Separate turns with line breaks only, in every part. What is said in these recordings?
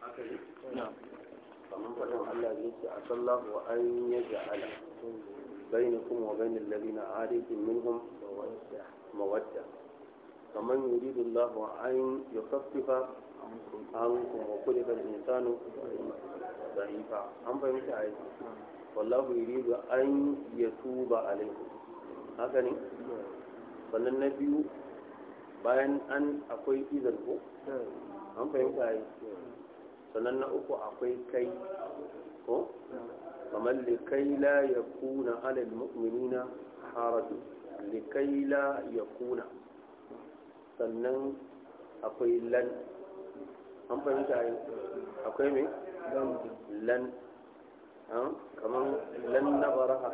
kamar
faɗin Allah ne ce a sallahu an ya ja'ala bainakum wa bainal ladina arikin minhum mawadda kamar yuridu Allah an yukaffifa ankum wa kulika al-insanu da'ifa an fahimta a yi wallahu yuridu an haka biyu bayan an akwai an a sannan na uku akwai kai ko kamar likai la ya kuna alal mu'minina haraju likai la ya kuna sannan akwai lan an fahimta yi akwai mai lan kamar lan na baraha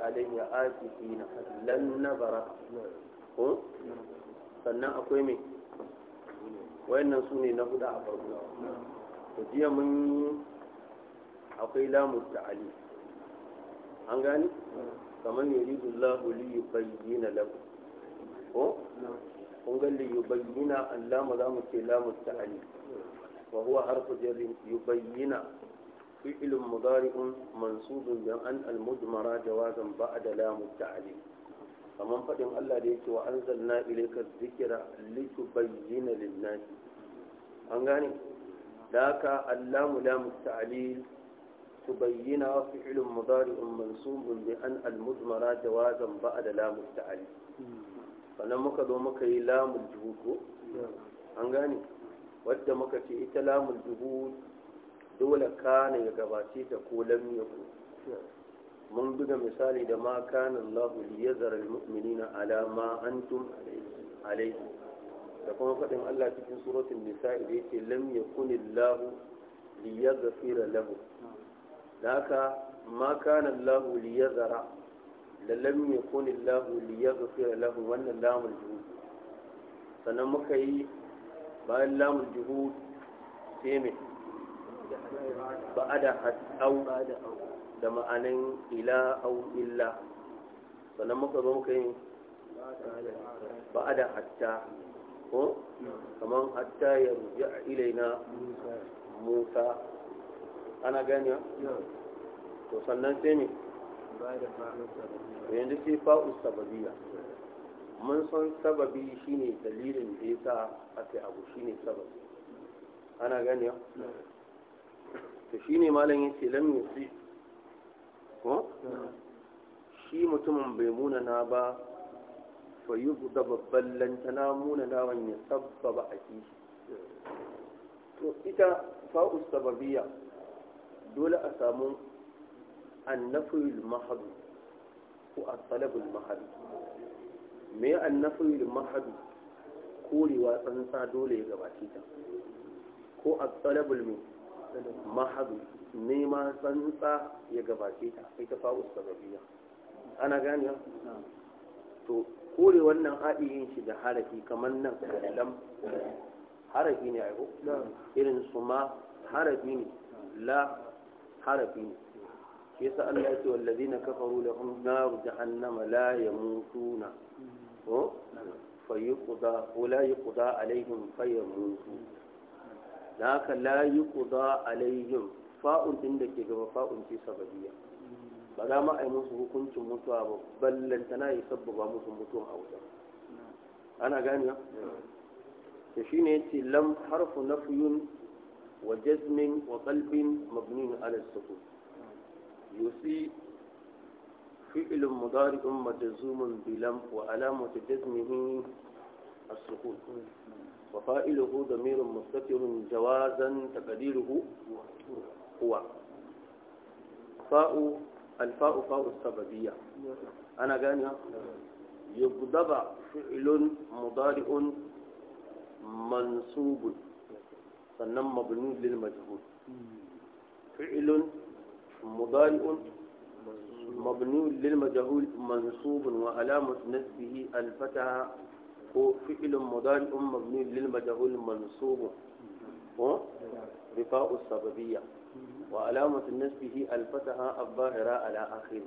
fi na lan na bara ko sannan akwai mai wayannan su ne na hudu a farko to jiya mun akwai lamu Ali, an gani kamar yuridu Allahu li yubayyana lahu ko kun ga li yubayyana allama za mu ce lamu ta'ali wa huwa harfu jarrin yubayyana fi'il mudari'un mansubun bi an al-mudmara jawazan ba'da lamu Ali, kamar faɗin Allah da yake wa anzalna ilayka dhikra litubayyana lin-nasi an gane ذاك اللام لام التعليل تبين فعل مضارع منصوب بأن المضمرة جوازا بعد لام التعليل sannan muka zo muka yi lamun juhu ko an gane wadda muka ce ita lamun juhu dole kana ya gabace ta ko lam yaku mun buga misali da ma kana Allah liyazar almu'minina ala ma antum alayhi كما قدم الله في سورة النساء التي لم يكن الله ليغفر له لك ما كان الله ليذر لم يكن الله ليغفر له وأن اللام الجهود فنمك أي بأن اللام الجهود سيمي بعد حد أو دم أن إلى أو إلا فنمك أي بعد حتى ko kaman hatta ya ruja ilaina musa ana gani to sannan sai ne yanzu sai fa'u sababiya mun san sababi shine dalilin da ya sa aka abu shine sababi ana gani to shine ne yace ya yusi ko shi mutumin bai muna na ba fa yi da babban lantana muna nawan ya sabbaba a kishi to ita fa'us sababiya dole a samu annafiyul mahadu ko a salabul mahadu me annafiyul mahadu korewa tsantsa dole ya gabace ta ko a salabul mahadu nema tsantsa ya gabace ta ita fa'us sababiya ana ganiya to kore wannan haɗin shi da harafi kamar nan lam harafi ne aiko irin su ma harafi ne la harafi ne shi yasa Allah ya ce wallazina kafaru lahum naru jahannama la ya mutu na? Mm. ko fayuqda wala yuqda alaihim mutu? da haka la yi yuqda alaihim fa'un din da ke gaba fa'un ce sababiyya فلما أمسه كنت مطابا بل لن تنائي سبب أمسه مطوع أولا أنا قاني تشيني أنتي لم حرف نفي وجزم وقلب مبني على السطور يسي فعل مضارع مجزوم بلم وعلامة جزمه السقوط وفائله ضمير مستتر جوازا تقديره هو فاء الفاء فاء السببية أنا جاني يقدب فعل مضارع منصوب فنم مبني للمجهول فعل مضارع مبني للمجهول منصوب وعلامة نسبه الفتحة هو فعل مضارع مبني للمجهول منصوب رفاء السببية وعلامة نسبه الفتحة الظاهرة على آخر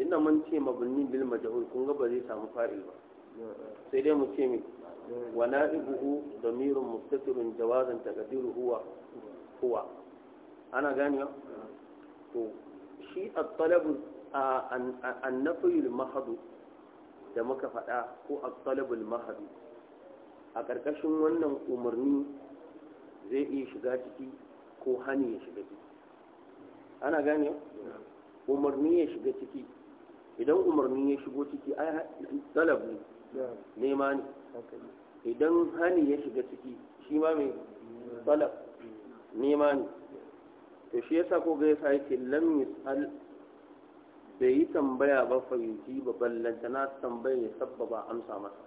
إن من شيء مبني بالمجهول كن بدي سام فاعل سيدي مسيمي ونائبه ضمير مستتر جوازا تقدير هو هو أنا غانيا شيء الطلب النفي المحض da muka faɗa ko a talibul mahadu a ƙarƙashin wannan umarni zai iya shiga ciki ko hani ya shiga ciki ana gane umarni ya shiga ciki idan umarni ya shigo ciki ai talab ne nema ne idan hani ya shiga ciki shi ma mai talab nema ne to shi yasa ko ga yasa yake lam yusal bai yi tambaya ba fahimci ba ballanta na tambaya ya sababa amsa masa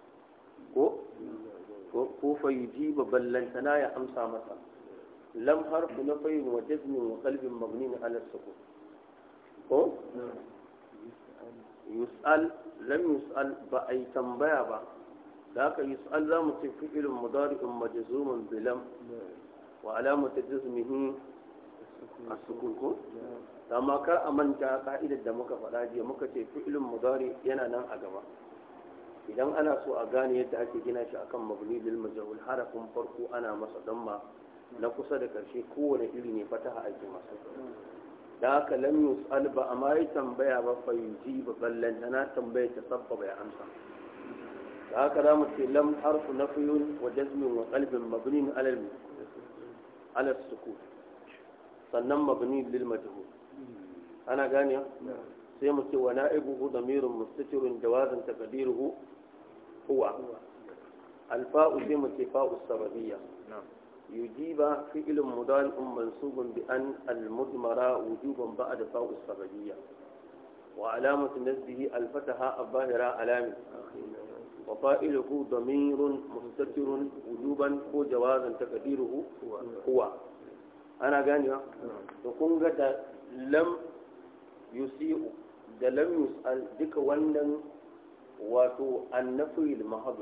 ko ko fahimci ba ballanta na ya amsa masa lam harfu na fayin jazmin wa kalbin magnin ala sukun ko yus'al ba a yi tambaya ba da haka yus'al za mu ce fi'ilun mudari'un majzumun bilam wa alamatu jazmihi as-sukun ko amma kar a manta ka'idar da muka faɗa jiya muka ce fi'ilun mudari yana nan a gaba idan ana so a gane yadda ake gina shi akan mabni lil harafin farko ana masa damma na kusa da karshe kowane iri ne fataha ake masa da haka lam yus'al ba amma yi tambaya ba fa yuji ba ballanta na tambaya ta sabba bai amsa da haka zamu ce lam harfu nafyun wa jazmin wa qalbin mabnin ala ala sukun sannan mabni lil majhul ana gane sai mu ce wa na'ibuhu damirun mustatirun jawazan taqdiruhu huwa alfa'u sai mu ce fa'u sababiyya na'am يجيب فعل مضارع منصوب بأن المضمرة وجوبا بعد فاء السببية وعلامة نزله الفتحة الظاهرة علامة وفائله ضمير مستتر وجوبا هو جوازا تقديره هو أنا قاني تكون قد لم يسيء da lam yus'al duka wannan wato annafi al-mahab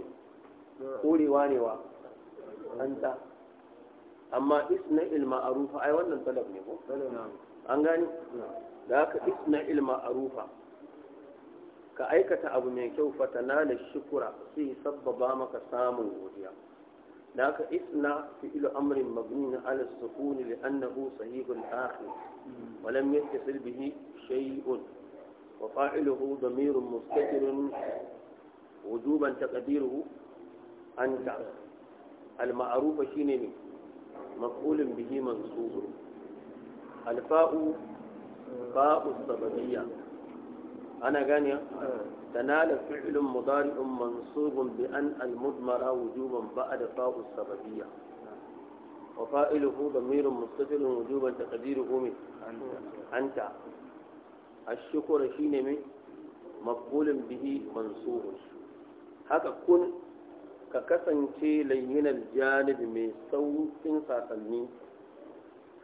korewa ne wa anta
amma isna ilma arufa ai wannan talab ne ko an gani da haka isna ilma arufa ka aikata abu mai kyau fatana da shukura sai sabbaba maka samun godiya da haka isna fi ilu amrin mabni na ala sukuni li annahu sahihul akhir wa lam yattasil bihi shay'un wa fa'iluhu damirun mustatirun wujuban taqdiruhu anta al ma'rufa shine ne مفعول به منصوب الفاء فاء السببية أنا غانية تنال فعل مضارع منصوب بأن المضمر وجوبا بعد فاء السببية وفائله ضمير مستتر وجوبا تقديره من أنت الشكر شين من مقبول به منصوب هذا كن ka kasance layyinar janibi mai saukin fa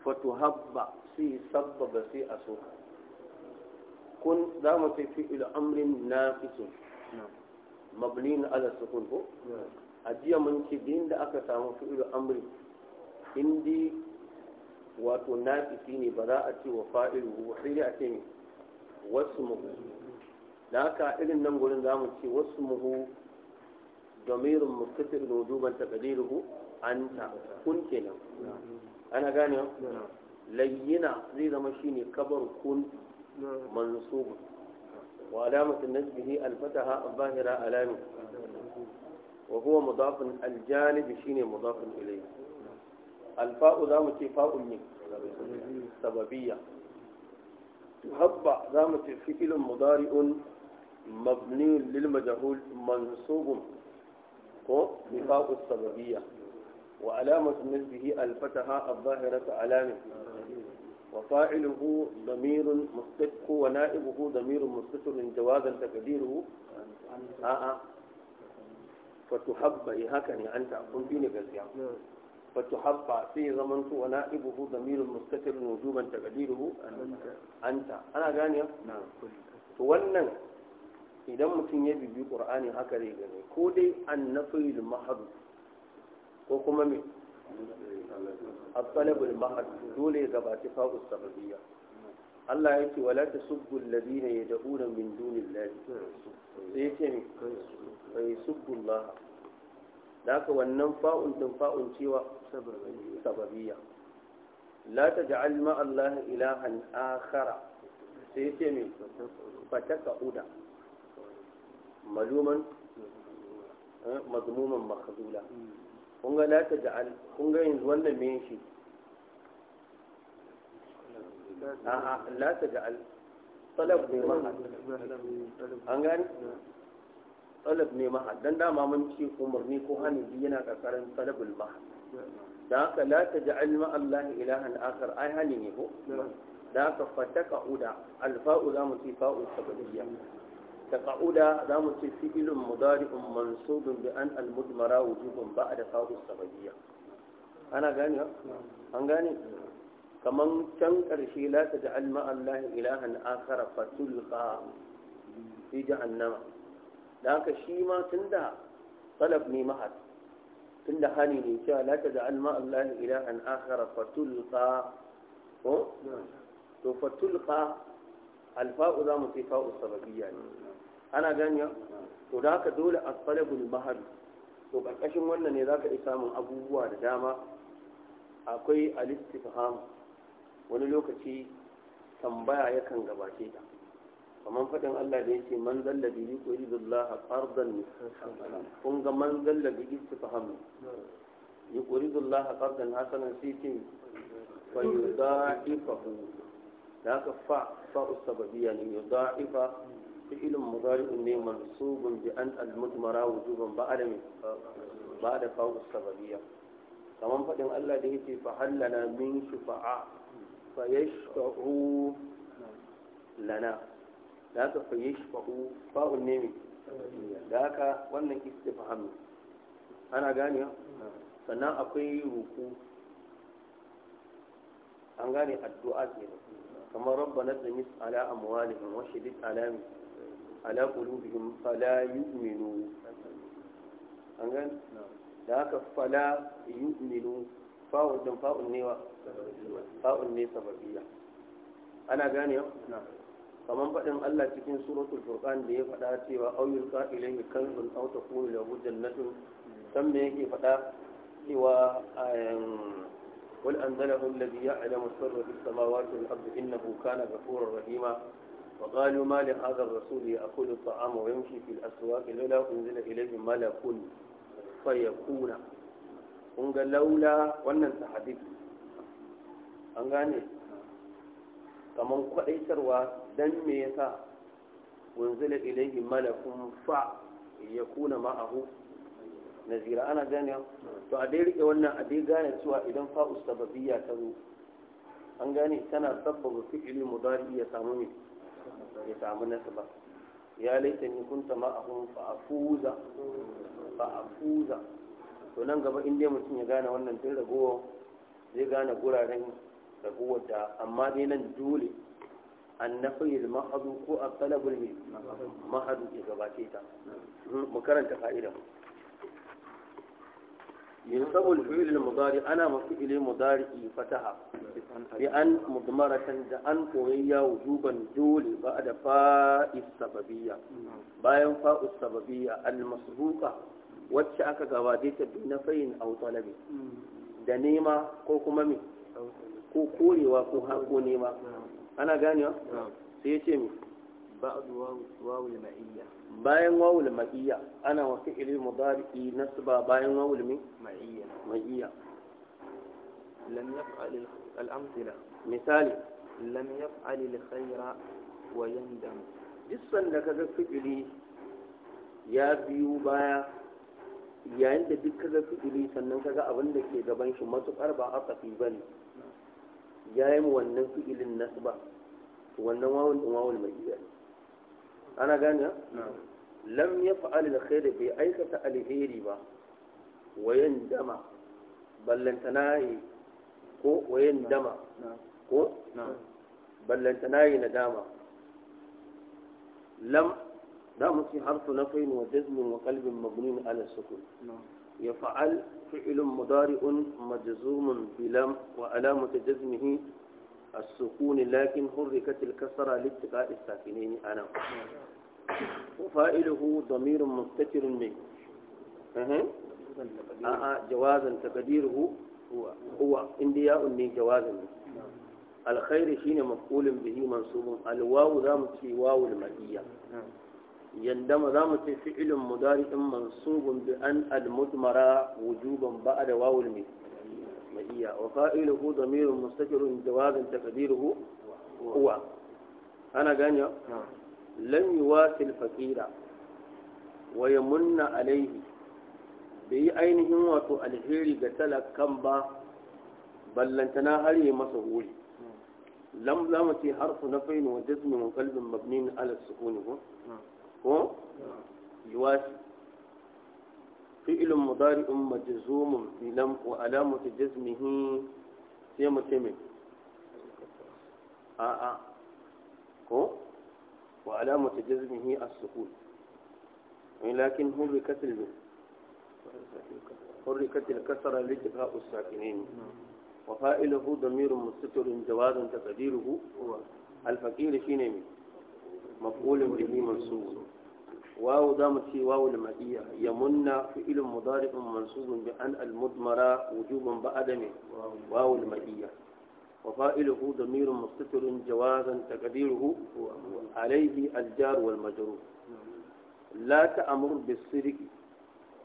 fatu habba sai sabbaba sai a soka kun za mu ce fi'il amrin na fisun mabni na ala sukun ko a jiya mun ce din da aka samu fi'il amri indi wato na ne ba za a ce wa fa'il ruwa sai dai a ce wasu muhu da haka irin nan gurin za mu ce wasu muhu ضمير متصل وجوبا تقديره أنت كنت أنا قاني لينا زي ما شيني كبر كن منصوب وعلامة هي الفتحة الظاهرة علامة وهو مضاف الجانب شيني مضاف إليه الفاء ذا فاء سببية هبع ذا متفعل مضارئ مبني للمجهول منصوب ko nifaq السببيه وعلامه نسبه الفتها الظاهره علامه وفاعله ضمير مستتر ونائبه ضمير مستتر جوازا تقديره آه آه. فتحب هكذا أنت أقول بيني قصيا فتحب في زمن ونائبه ضمير مستتر وجوبا تقديره أنت أنا غانيه نعم تولنا idan mutum ya bibi ƙur'ani haka zai gani ko dai annafil mahad ko kuma me at-talabul mahad dole ya gabaci fa'us sababiyya Allah ya ce wala tasubbu alladhina yad'una min dunillahi sai ya ce me kai subbu Allah da haka wannan fa'un din fa'un cewa sababiyya la taj'al ma'a Allah ilahan akhara sai ya ce me fataka uda maluman mazmuman makazula lata ja'al kun yanzu wannan me shi a'a lata ja'al talab ne mahad an gani talab ne mahad dan dama mun ce umarni ko hanibi yana kakarin talabul mahad da haka la ta ja'al ma Allah ilahan akhar ai hani ne ko da haka fataka uda alfa'u zamu ci fa'u sabadiyya تقعد دام فعل مضارع منصوب بأن المدمرة وجوب بعد فاء السببية أنا غاني أنا غاني كمان تنكر شيء لا تجعل مع الله إلها آخر فتلقى في جهنم ذاك شيء ما تندى طلبني معك تندى هاني نيشا لا تجعل مع الله إلها آخر فتلقى فتلقى الفاء ذا متفاء السببية يعني. ana ganiya to da haka dole a salabul mahar to ƙarƙashin wannan ne za ka isa samun abubuwa da dama akwai alistifham wani lokaci tambaya yakan gabace ta kamar faɗin Allah da yake man zalla bi yi koyi zullaha ƙardan kun ga man zalla bi istifham yi koyi zullaha ƙardan hasanan sai ce fayu da'ifahu da haka fa fa'u sababiyya ne yi da'ifa fi'ilun mudari'un ne mansubun bi an al-mudmara wujuban ba'da min ba'da fa'u sababiyya kaman fadin Allah da yake fa hallana min shufa'a fa yashfa'u lana da haka fa yashfa'u fa'un ne min da haka wannan istifham ana gane sannan akwai ruku an gane addu'a ke. kamar rabbana tsamis ala amwalihim wa shidid alami ala qulubihim fala yu'minu an gan da haka fala yu'minu fa'un din fa'un ne wa fa'un ne sababiyya ana gane kamar faɗin Allah cikin suratul furqan da ya faɗa cewa aw yulqa kanzun aw takunu lahu jannatun san me yake faɗa cewa قل أنزله الذي يعلم السر في السماوات والأرض إنه كان غفورا رحيما وقالوا ما لهذا الرسول يأكل الطعام ويمشي في الأسواق لولا أنزل إليه ملك فيكون kun ga laula wannan sahabi an gane kamar kwadaitarwa don me yasa wanzila ilaihi malakun fa ya kuna ma'ahu nazira ana gane to a dai riƙe wannan a dai gane cewa idan fa'u sababiyya ta zo an gane tana sabbaba fi'ili mudari ya samu mai ya samu nasu ba ya laita ni kunta ma'ahum a afuza fa'afuza to nan gaba in dai mutum ya gane wannan tun ragowa zai gane guraren ragowa da amma dai nan dole an nafi ma'adu ko a talabul mahadu ya gabace ta mu karanta fa'idan من ينصب الفعل المضارع أنا مفعل مضارع فتحة بأن مضمرة أن قوية وجوبا دول بعد فاء السببية باين فاء السببية المسبوقة وتشعك قواديت بنفين أو طلب دنيما كوكممي ko korewa ko hako nema ana ganewa sai ya ce mai bayan wawul ma'iyya ana wa fi'ilil mudari nasba bayan wawul min ma'iyya misali lam yaf'al al wa yandam dissan da kaga fi'ili ya biyu baya yayin da duk kaga fi'ili sannan kaga abin da ke gaban shi matukar ba a fi bane yayin wannan fi'ilin nasba wannan wawul din wawul ma'iyya أنا قانا نعم. لم يفعل الخير في أي بأيكة الهيربة ويندمى بل لن تنائي ويندمى نعم. نعم. بل لن تنائي ندامى لم دام في حرف نفين وجزم وقلب مبني على السكون يفعل فعل مضارئ مجزوم بلم وعلامة جزمه السكون لكن حركت الكسرة لاتقاء الساكنين أنا وفائله ضمير مستتر منه أه. آه جوازا تقديره هو هو اندياء من جوازا الخير شين مفعول به منصوب الواو ذامت في واو المدية يندم ذامت فعل مضارع منصوب بأن المدمرة وجوبا بعد واو المدية الأحمدية وفائله ضمير مستتر جواز تقديره هو أنا جانيا نعم. لم يواسي الفقير ويمن عليه بي أينهم وتو الهيري قتل كمبا بل لن تناهلي مسهول نعم. لم لامتي حرف نفين وجزم وقلب مبني على السكون نعم. هو, هو يواسي fi'ilun mudari'un majzumun bilam wa alamatu jazmihi sai mu ce mai a'a ko wa alamatu jazmihi as-sukun lakin hurrikat al حركت الكسر لجفاء الساكنين وفائله ضمير مستتر جواز تقديره الفقير شينمي مفعول به منصوب واو في واو المائية يمنى فعل مضارع منصوب بأن المضمرة وجوبا بأدمه واو المائية وفائله ضمير مستتر جوازا تقديره عليه الجار والمجرور لا تأمر بالصدق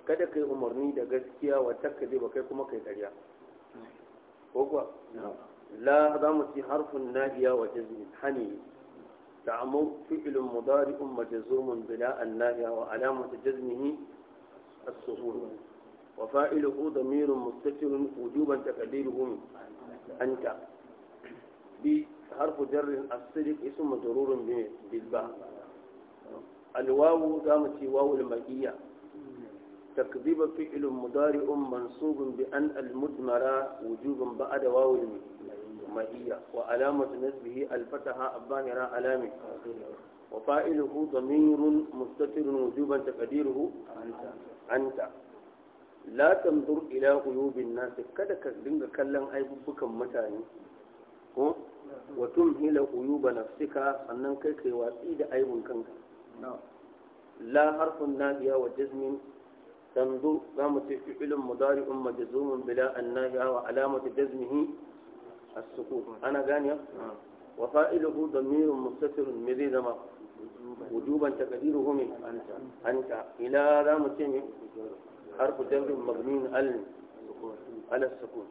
kada كي أمرني da gaskiya wa takkaje ba kai kuma kai ƙarya ko kuwa la za mu تعمر فعل مضارع مجزوم بلا الناهية وعلامة جزمه السهول وفاعله ضمير مستتر وجوبا تقديره أنت بحرف جر الصدق اسم مجرور بالباء الواو دامت واو المئية تكذيب فعل مضارع منصوب بأن المدمرة وجوبا بعد واو المئية ma'iyya wa alamatu nasbih al-fataha abbanira alami wa fa'iluhu damirun mustatirun wujuban taqdiruhu anta anta la tamdur ila quyubin nas kada ka dinga kallon aibubukan mutane ko wa tumhila quyuba nafsika annan kai kai watsi da aibun kanka la harfun nadiya wa jazmin tamdur za mu ce fi'ilun mudari'un majzumun bila annahiya wa alamatu jazmihi السكون أنا جانيا وفائله ضمير مستتر مذي زما وجوبا تقديره من أنت إلى ذا متين حرف جر مبني على على السكون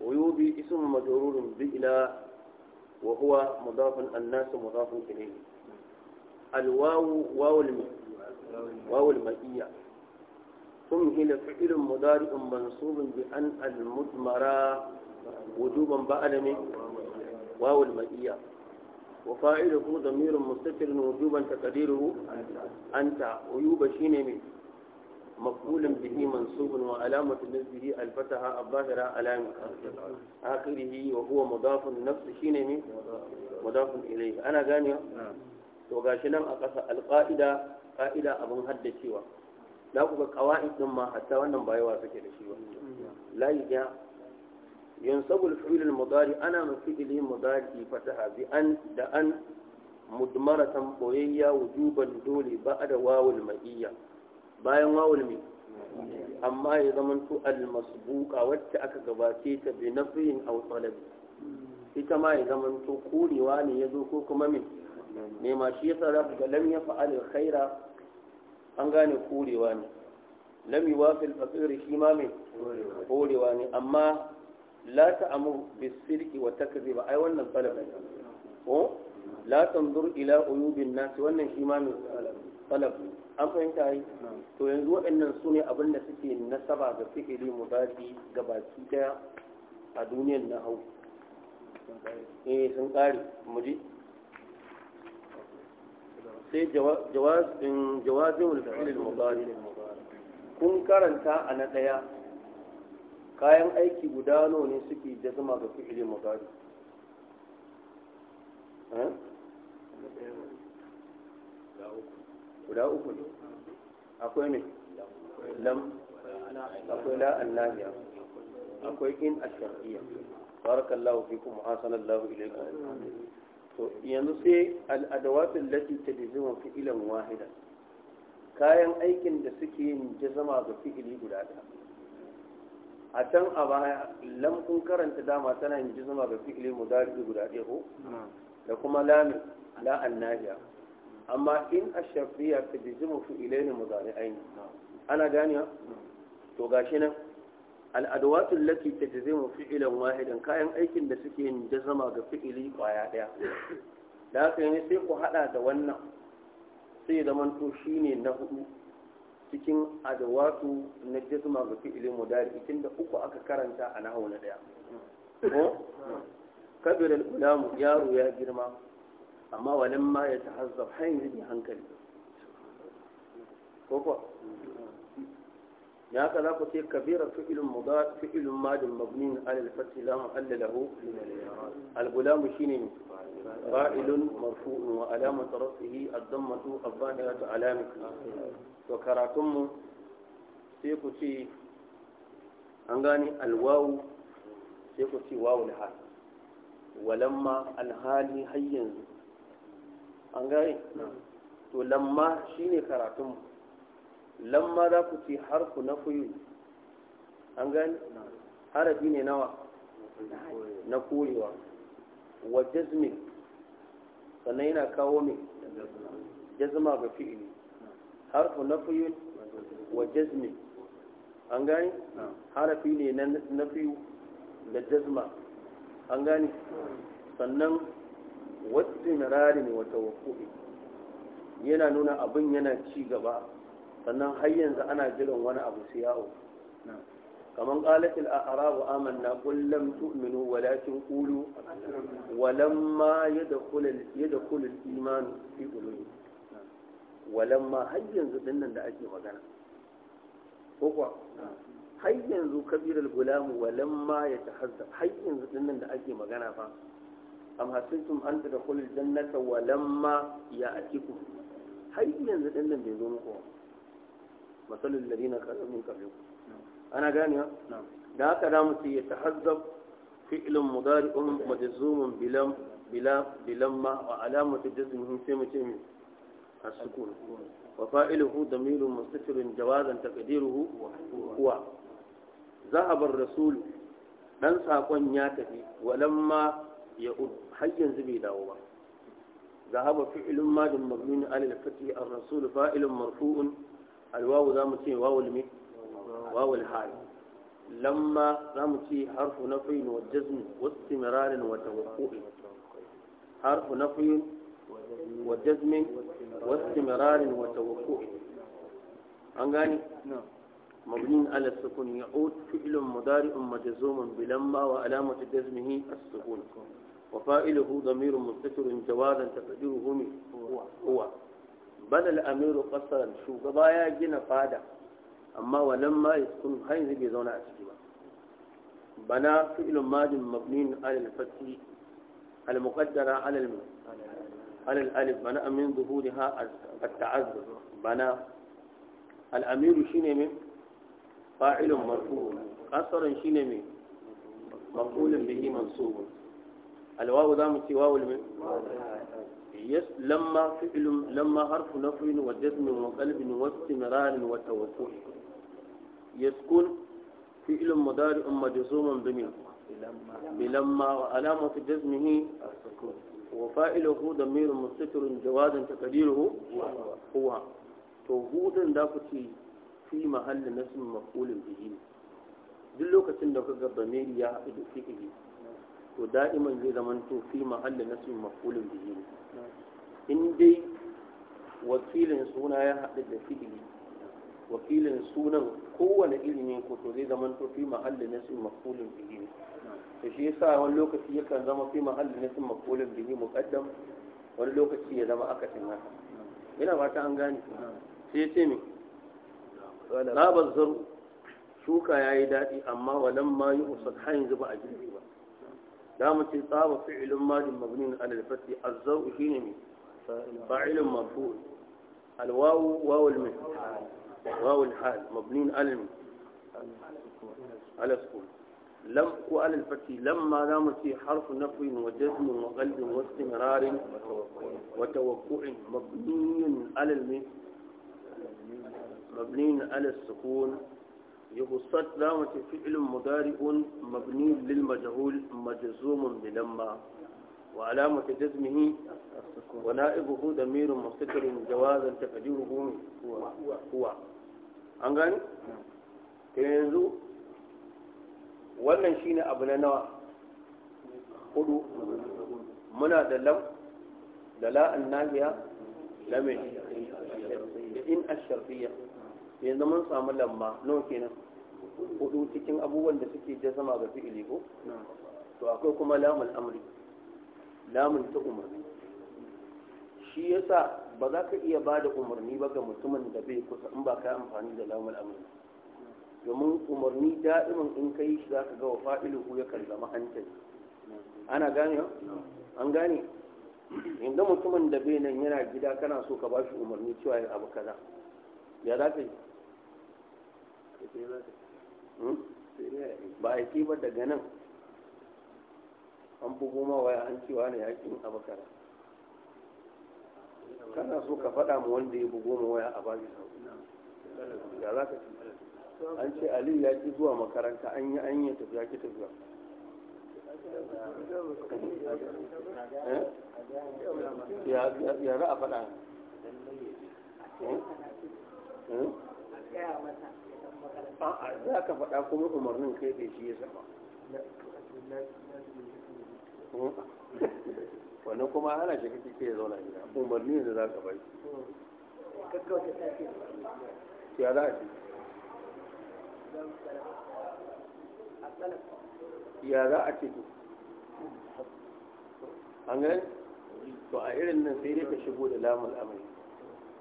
ويوبي اسم مجرور بإلى وهو مضاف الناس مضاف إليه الواو واو المي واو المئية ثم هي فعل مضارع منصوب بأن المدمرة وجوبا بعد من واو المئية وفاعله ضمير مستتر وجوبا تقديره أنت عيوب شين مقبول به منصوب وعلامة نزله الفتحة الظاهرة على آخره وهو مضاف نفس شين مضاف إليه أنا غانيا وغاشنا أقصى القائدة قائدة أبن هد سوى لا أقول قوائد ما حتى وأنا بايوا فكر سوى لا يجا ينصب الفعل المضارع أنا من فعل مضارع فتحة بأن دأن مدمرة قوية وجوبا دولي بعد واو iya bayan wawul mai amma ya zamanto almasbuka wacce aka gabace ta bi nafiyin aw talabi ita ma ya zamanto korewa ne ya zo ko kuma min ne shi yasa za ga lam ya fa'al khaira an gane korewa ne lam yuwafil fasiri shi ma mai korewa ne amma la ta'amur bis-sirqi wa takdhib ai wannan talaba ne ko la tanzur ila uyubin nas wannan shi ma an fahimta ai to yanzu waɗannan su ne abin da suke nasaba ga fi'ili mudari ga daya a duniyar na hau sun kare mu sai kun karanta a na ɗaya. kayan aiki guda nawa ne suke jazma ga fi'ilin mudari eh? guda uku ne akwai ne lam akwai la annabiya akwai in ashariya barakallahu fikum wa hasanallahu ilaykum to yanzu sai al'adawatin lati talzima fi'ilan wahida kayan aikin da suke yin jazama ga fi'ili guda ɗaya a can a baya lamkun karanta dama tana yin jizuma ga fi'ili mudari guda ɗaya ko da kuma lami la annahiya amma in a shafiya ta jizimu fi'ilaini aini. ana ganiya to gashi nan al'adawatu lati tajzimu fi'ilan wahidan kayan aikin da suke yin jazama ga fi'ili kwaya ɗaya. da haka ne sai ku haɗa da wannan sai zaman to shine na hudu cikin adawatu na jisma ga fi'ilin mudari cikin da uku aka karanta a nahawu na daya ko kabir al yaro ya girma amma walamma ya tahazzab har hankali ko ko na haka za ku ce kabira fi'ilun mudar fi'ilun madin mabnin alal fathi la mahalla lahu al-gulam shine fa'ilun marfu'un wa alamatu raf'ihi ad-dammatu adh-dhahiratu alamatu to karatun mu sai ku ce an gane alwawu sai ku ce wawu al-hal walamma al-hali har yanzu an gane to lamma shine karatun mu lamma za ku ce harfu na fuyu an gani harafi ne nawa na korewa wa jazmin sannan yana kawo mai jazma ga fi'ili harfu na fuyu wa jazmin an gani harafi ne na fiyu da jazma an gani sannan wasu mirarin wata wakuɗi yana nuna abin yana ci gaba sannan har yanzu ana jiran wani abu su yawo kaman qalatil a'rabu amanna kullum lam tu'minu walakin qulu walamma yadkhul yadkhul al-iman fi qulubikum walamma har yanzu dinnan da ake magana ko kuwa har yanzu kabirul gulamu walamma ya tahazza har yanzu dinnan da ake magana fa am hasibtum an tadkhulul jannata walamma ya'tikum har yanzu dinnan bai zo muku ba مثل الذين خلوا من قبلكم نعم. أنا جاني يا نعم. ده كلام يتحذف فعل مضارع مجزوم بلم بلا بلما وعلامة جزمه سمة السكون وفائله ضمير مستتر جوازا تقديره هو ذهب الرسول من sakon ya tafi walamma ya har yanzu ذهب فعل ماض مبني على الفتح الرسول فاعل مرفوع الواو ذا واو المي واو الحال لما ذا حرف نفي وجزم واستمرار وتوقف حرف نفي وجزم واستمرار وتوقف أنغاني مبنين نعم. مبني على السكون يعود فعل مضارع مجزوم بلما وعلامة جزمه السكون وفائله ضمير مستتر جوازا تقديره هو, هو. بل الأمير قصر شو قضايا جنا قادة أما ولما يسكن هاي ذي بيزونا بنا فعل ماد مبنين على الفتح المقدرة على على الألف بنا من ظهورها التعذر بنا الأمير شنمي فاعل مرفوع قصر شنمي مقول به منصوب الواو دام سواو المنصوب يس لما فعل لما حرف نفي وجزم وقلب واستمرار وتوسع يسكن فعل مضارع مجزوم بمن بلما وعلامة جزمه وفائله ضمير مستتر جواد تقديره هو توجود دافتي في محل نسم مفعول به duk lokacin da kaga bamiri ya haɗu da fi'ili to da'iman zai zamanto fi mahallin nasu in dai wakilin suna ya haɗu da fi'ili wakilin sunan kowane ilimin ko to zai zama to fi mahalli na sun mafulin bihi ne to shi yasa wani lokaci yakan zama fi mahalli na sun mafulin bihi muqaddam wani lokaci ya zama akasin haka ina fata an gane sai ya ce min labar zaru shuka ya yi daɗi amma walan ma yi usat har yanzu a girbi ba da mu ce tsaba fi'ilin madin mabnin alal fasi azzaru shine mai فاعل مفعول الواو واو المفعول واو الحال مبنين على على السكون لم وعلى الفتح لما دام في حرف نفي وجزم وقلب واستمرار وتوقع مبني على الم مبني على السكون يبسط لامة فعل مضارع مبني للمجهول مجزوم بلما وعلامة جزمه ونائبه دمير مستتر جوازا تفجيره هو هو an gani yanzu wannan shine abu na nawa hudu muna da lam da la'an nahiya mai da in asharfiya yanzu mun samu lamma nawa kenan hudu cikin abubuwan da suke jazama ga fi'ili ko to akwai kuma lamul amri Namun ta umarni shi yasa ba za ka iya ba da umarni ba ga mutumin da bai kusa in ba ka amfani da lamun amri domin umarni da'imin in ka yi shi za ka ga wa fa'iluhu ya kallama hankali ana gane an gane inda mutumin da bai nan yana gida kana so ka ba shi umarni cewa ya abu kaza ya za ka hmm? yi ba a yi ba daga nan an bugu ma waya an cewa ne yakin abakara kana so ka faɗa ma wanda ya bugu ma waya a Baki. ya za ka ci an ce aliyu ya ki zuwa makaranta an yi an yi tafiya ki tafiya eh? ya za a faɗa eh? Eh? za ka faɗa kuma umarnin kai da shi ya zama
wannan kuma
ana shi kake ke zauna gida umarni ne za ka bai ya za a ci ya za a ce an gani to a irin nan sai dai ka shigo da lamun amai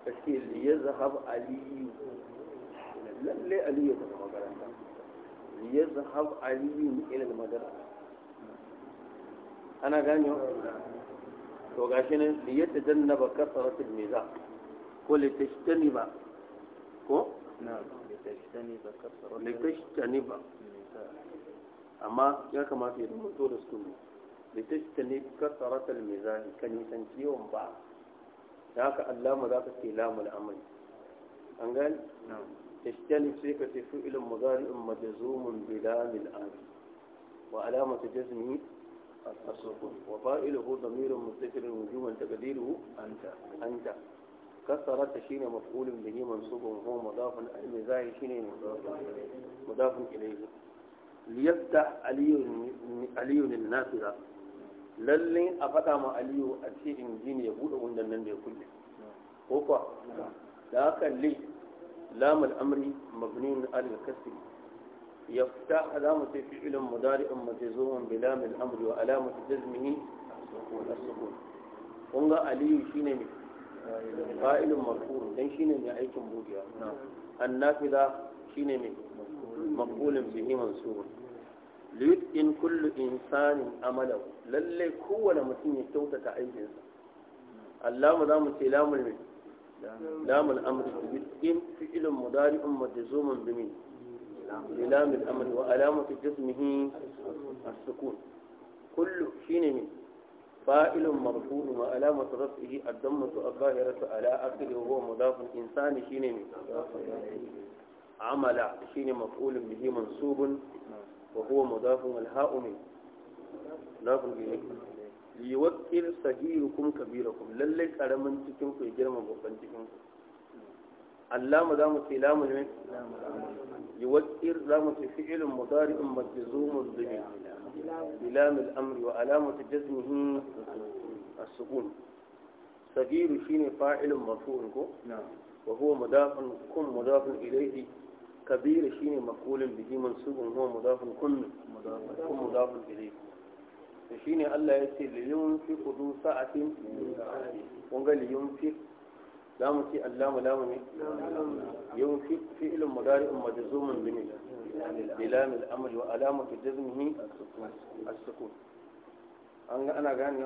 ka ce liya zahab aliyu lallai aliyu ta makaranta liya zahab aliyu ilil madara ana gane to gashi nan li yatajannaba kasratul miza ko li tajtaniba ko na'am ba. tajtaniba kasratul li ba. amma ya kamata ya rubuto da su li tajtanib kasratul miza kan nisan ciwon ba da haka allama za ka ce lamul amali an gane na'am تجتنب سيكة فعل مضارع مجزوم بلام الآن وعلامة جزمه السكون وفائله ضمير مستتر وجوبا تقديره أنت أنت كسرت شين مفعول به منصوب وهو مضاف المزاي شين مضاف إليه ليفتح علي علي النافذة lalle a faɗa ma aliyu a ce injini ya buɗe wundan nan da ya kulle ko kuwa da haka li lamul amri mabniyun alal kasri يفتح علامة فعل مضارع مجزوم بلام الأمر وعلامة جزمه السكون kunga aliyu shine mai
fa'ilun marfuru
dan shine mai aikin budiya annafida shine mai maqulun bihi mansur liyut in kullu insanin amalahu lalle kowane mutum ya kyautata aikinsa Allah mu zamu ce lamul mai
lamul amri
in fi'ilun min للام الأمر وألامة جزمه السكون كل شين من فائل مرفوع وألامة رفعه الضمة الظاهرة على آخره وهو مضاف إنسان شين من عمل شين مفعول به منصوب وهو مضاف والهاء من مضاف إليه ليوكل صغيركم كبيركم للك أرمن تكنكم يجرم بفن تكنكم اللام لام في لام من يوكر لام في فعل مضارع مجزوم بلام بلام الأمر وعلامة جزمه السكون صغير شين فاعل مرفوع نعم وهو مضاف كن مضاف إليه كبير شين مفعول به منصوب هو مضاف كن كن مضاف إليه shine Allah ya ce liyun fi kudu sa'atin kun ga liyun fi لامتي اللام لام مين يوم في في إلهم مضارع مجزوم بنيل بلام الأمر في جزمه السكون أنا أنا غني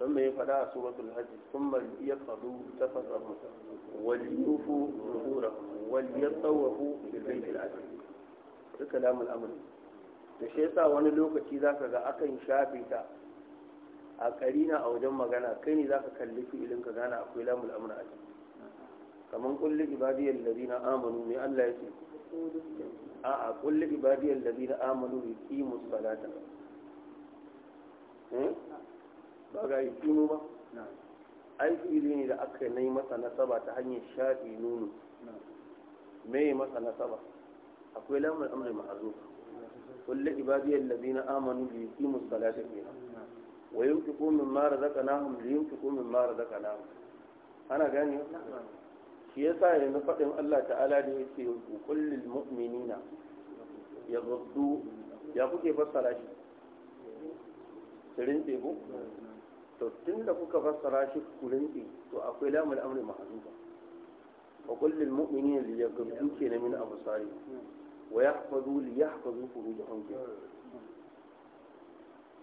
ثم يفدى سورة الحج ثم يقضوا سفر رمضان وليوفوا نذوره وليطوفوا بالبيت العتيق كلام الأمر الشيطان وانا لوكا كذا كذا أكا شابيتا a karina a wajen magana kai ne za ka kalli fi'ilin ka gana akwai lamul amr a ciki kaman kulli ibadiyal na amanu mai Allah ya ce a a kulli ibadiyal ladina amanu yuqimus salata eh ba ga kimu ba ai fi'ili ne da aka yi masa nasaba ta hanyar shafi nunu me masa nasaba akwai lamul amr ma'zuf kulli ibadiyal ladina amanu yuqimus salata kenan wa yunfiqu mimma razaqnahum li mara mimma razaqnahum ana gani shi yasa yanzu faɗin Allah ta'ala da ku. kullil mu'minina ya gudu ya kuke fassara shi sirin ko to tun da kuka fassara shi kurin ɗi to akwai lamar amri mahazuba wa kullil mu'minina li yaghdu kenan min absari wa yahfazu li yahfazu furujahum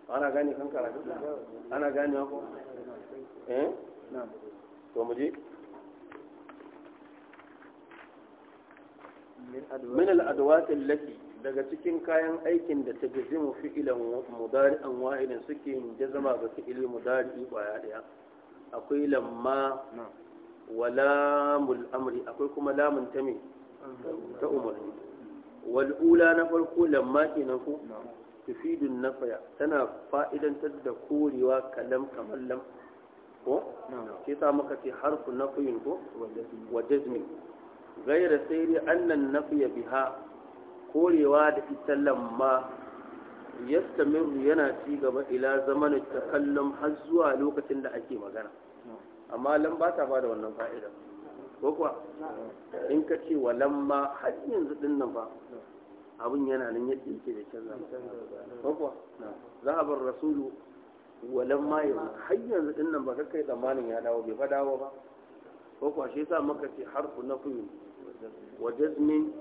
ana gane kan karatu ana gane ko eh to mu je min al-adwat allati daga cikin kayan aikin da ta jazimu fi'ilan mudari'an wahidin suke yin jazama ga fi'ili mudari'i kwaya daya akwai lamma wa lamul amri akwai kuma lamun ta ta umarni wal ula na farko lamma kenan ko tufidun nafaya tana fa'idantar da korewa kalam kamar lam ko ke ta maka ce harfu nafiyin ko wa gaira sai dai annan bi biha korewa da ita lamma yastamiru yana ci gaba ila zamanin kallon har zuwa lokacin da ake magana amma lam ba ta ba da wannan fa'ida ko kuwa in ka ce wa lamma har yanzu din ba abin yana nan yadda yake da canza ba za a bar rasulu walan ma har yanzu din nan ba ka kai tsammanin ya dawo bai fa dawo ba ko kuwa shi yasa muka ce harfu na kuyi wa jazmin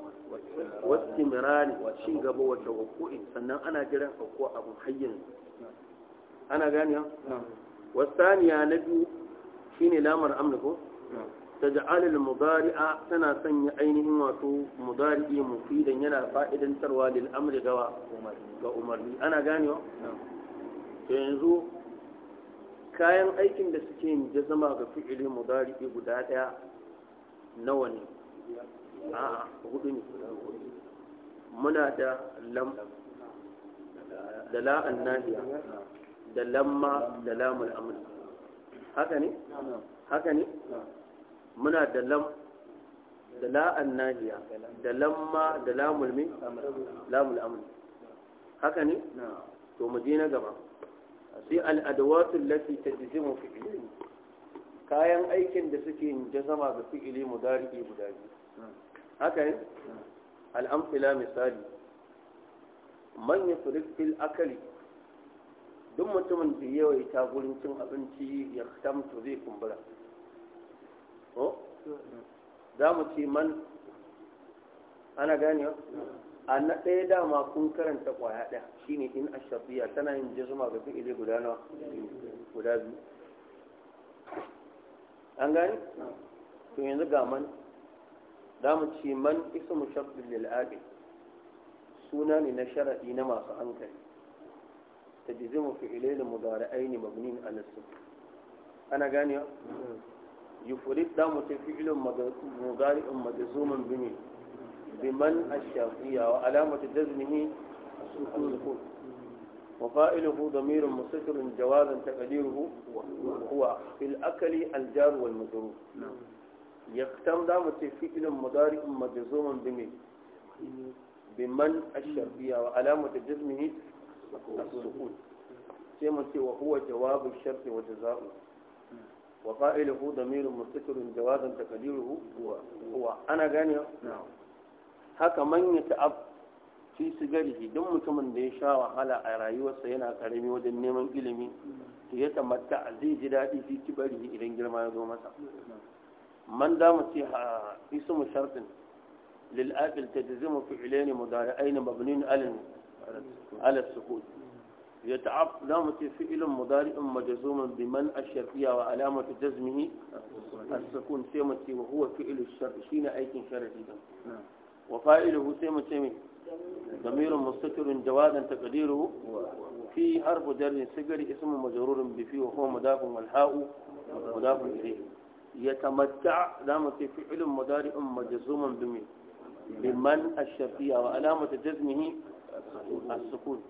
wa istimrani wa shin gaba wa tawakkuin sannan ana jiran aukuwa abun har yanzu ana gane wa saniya na biyu shine lamar amna ko تجعل المضارع tana sanya ainihin wasu مضارع مفيدا ينا فائدا تروى للأمر غوا وأمرني أنا غانيو ينزو kayan aikin da suke yin jazama ga fi'ili mudari guda daya nawa ne a hudu ne muna da lam da la'an nahiya da lamma da lamun amur haka ne haka ne muna da lam da la'an nahiya da lamma da lamul min lamul amri haka ne to mu je na gaba sai al'adawatul lati tajzimu fi ilmi kayan aikin da suke jazama ga da mudari guda biyu haka ne al'amfila misali man ya fil akali duk mutumin da ta gurin cin abinci ya tamtu zai kumbura ko za mu ce man ana gani a na ɗaya dama kun karanta ƙwaya ɗaya ne in ashafiya tana yin jazuma ga fi'ili guda nawa guda biyu an gani to yanzu ga man za mu ce man isa mu shafi lil'aƙi suna ne na sharaɗi na masu hankali ta jizimu ilai da mu mudara aini mabnin alasu ana gani يفرد دام تفعل مضارع مجزوما بمن بمن الشافية وعلامة جزمه السكون وفائله ضمير مستتر جوازا تقديره هو في الأكل الجار والمجرور يختم دام تفعل مضارع مجزوما بمن بمن الشافية وعلامة جزمه السكون سيما وهو جواب الشرط وجزاؤه وفائله ضمير مستتر جوازا تقديره هو هو انا غاني نعم هكا من يتعب fi sigarihi don mutumin da ya sha wahala a rayuwarsa yana karami wajen neman ilimi to ya tamatta zai ji daɗi fi bari idan girma ya zo masa man da mu ce ha isu mu shartin lil aqil tajzimu fi'lain mudari'ain mabnin alal ala sukut يتعب لامة فعل مضارع مجزوم بمن الشرطية وعلامة جزمه السكون سيمة وهو فعل الشر شين أيك شرطي نعم. وفاعله سيمة سيمة ضمير مستتر جوادا تقديره في حرف جر سجر اسم مجرور بفي وهو مضاف والحاء مضاف إليه يتمتع لامة فعل مضارع مجزوم بمن بمن الشرطية وعلامة جزمه السكون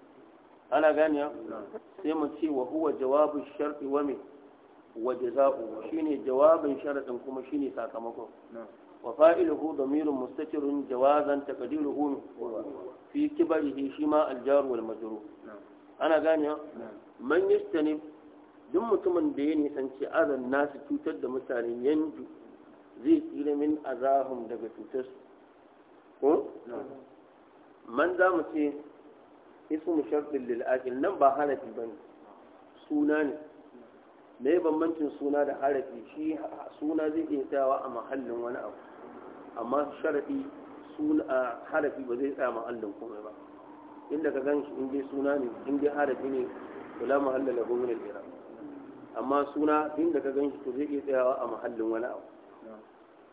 ana gani sai mu ce wa huwa jawabin sharɗi wa me wa jaza'u shine jawabin sharadin kuma shine sakamakon wa fa'iluhu damirun mustatirun jawazan taqdiruhu fi kibarihi shima ma jar wal majrur ana gani man ne duk mutumin da ya nisanci azan nasu cutar da mutane yanzu zai tsira min azahum daga cutar ko man za mu ce ismu sharɗin lil'aƙil nan ba harafi ba ne suna ne mai bambancin suna da harafi shi suna zai iya tsayawa a mahallin wani abu amma sharafi suna harafi ba zai tsaya mahallin komai ba inda ka gan shi inda suna ne inda harafi ne kula mahallin da gominan lera amma suna inda ka gan shi to zai iya tsayawa a mahallin wani abu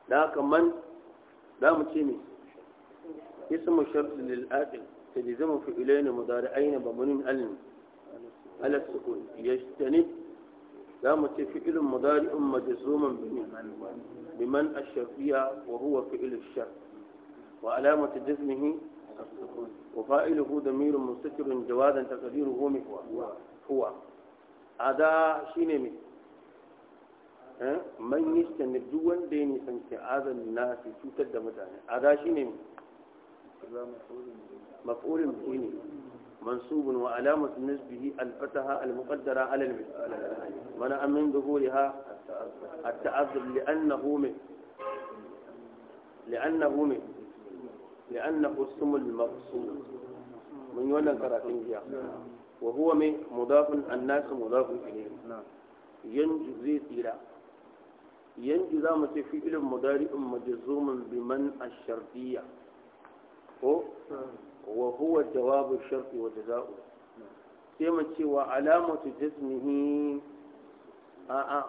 da haka man za mu ce ne ismu sharɗin lil'aƙil يلزم فعلين مضارعين مبنون علم على السكون يجتنب لا متفئل مضارع مجزوما بمن الشرقية وهو فئل الشر وعلامة جزمه وفائله ضمير مستتر جوادا تقديره هو هو هذا شينمي من من يجتنب دون ديني سنك هذا الناس تتدمتان هذا شينمي من مفعول به منصوب وعلامة نسبه الفتحة المقدرة على المثال منع من ظهورها التعذب لأنه من لأنه من لأنه اسم المقصود من يولن كراتين وهو من مضاف الناس مضاف إليه ينجزي إلى ينجزا متفئل مضارئ مجزوم بمن الشرطية وهو جواب الشرط وجزاؤه كما تشوى علامة جزمه آآ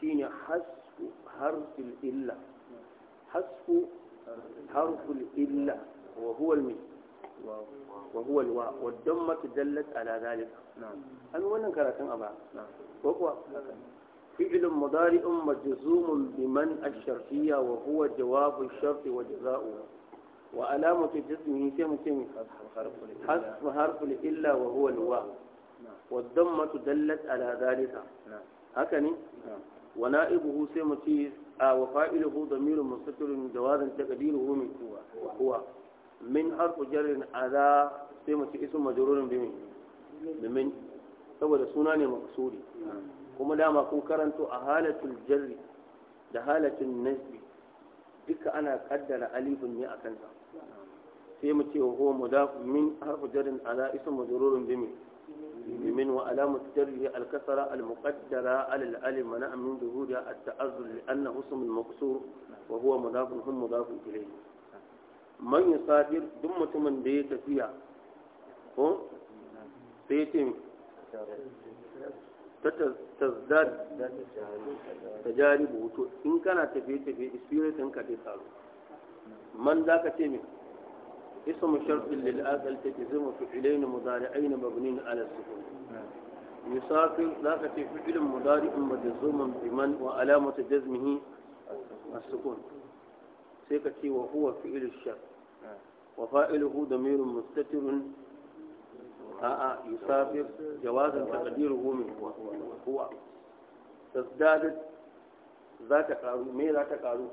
شين حذف حرف الإلا حذف حرف الإلا وهو المي وهو الواء والدمة دلت على ذلك نعم أنا وانا كراتن أبا نعم وقوة فعل مضارئ مجزوم بمن الشرطية وهو جواب الشرط وجزاؤه وألامة جسمه كم كم حسب حرف إلا وهو الواء والضمة دلت على ذلك نعم. هكني نعم. ونائبه سيم تيز آه، وفائله ضمير مستقل من جواز تقديره من هو هو من حرف جر على سيم تيز مجرور بمن بمن هو سنان مقصود نعم. كما لا مقول كرنت أهالة الجر لهالة النسب بك أنا قدر أليف مئة كنزم سيمتي وهو مضاف من حرف جر على اسم مجرور بمن بمن وألام الجر الكسرة المقدرة على الألم منع من ظهور التأذر لأنه اسم المكسور وهو مضاف هم مضاف إليه من يصادر دمة من بيت فيها هو بيت تزداد تجارب وتو إن كانت بيت في إسفيرة تنكتي صالو من ذاك تيمي اسم شرط للآكل تتزم فعلين مضارعين مبنين على السكون يسافر لا في فعل مضارع مجزوم بمن وعلامة جزمه السكون سيكتي وهو فعل الشرط وفائله ضمير مستتر يسافر جوازا تقديره من هو هو تزداد ذات قارو مي ذات قارو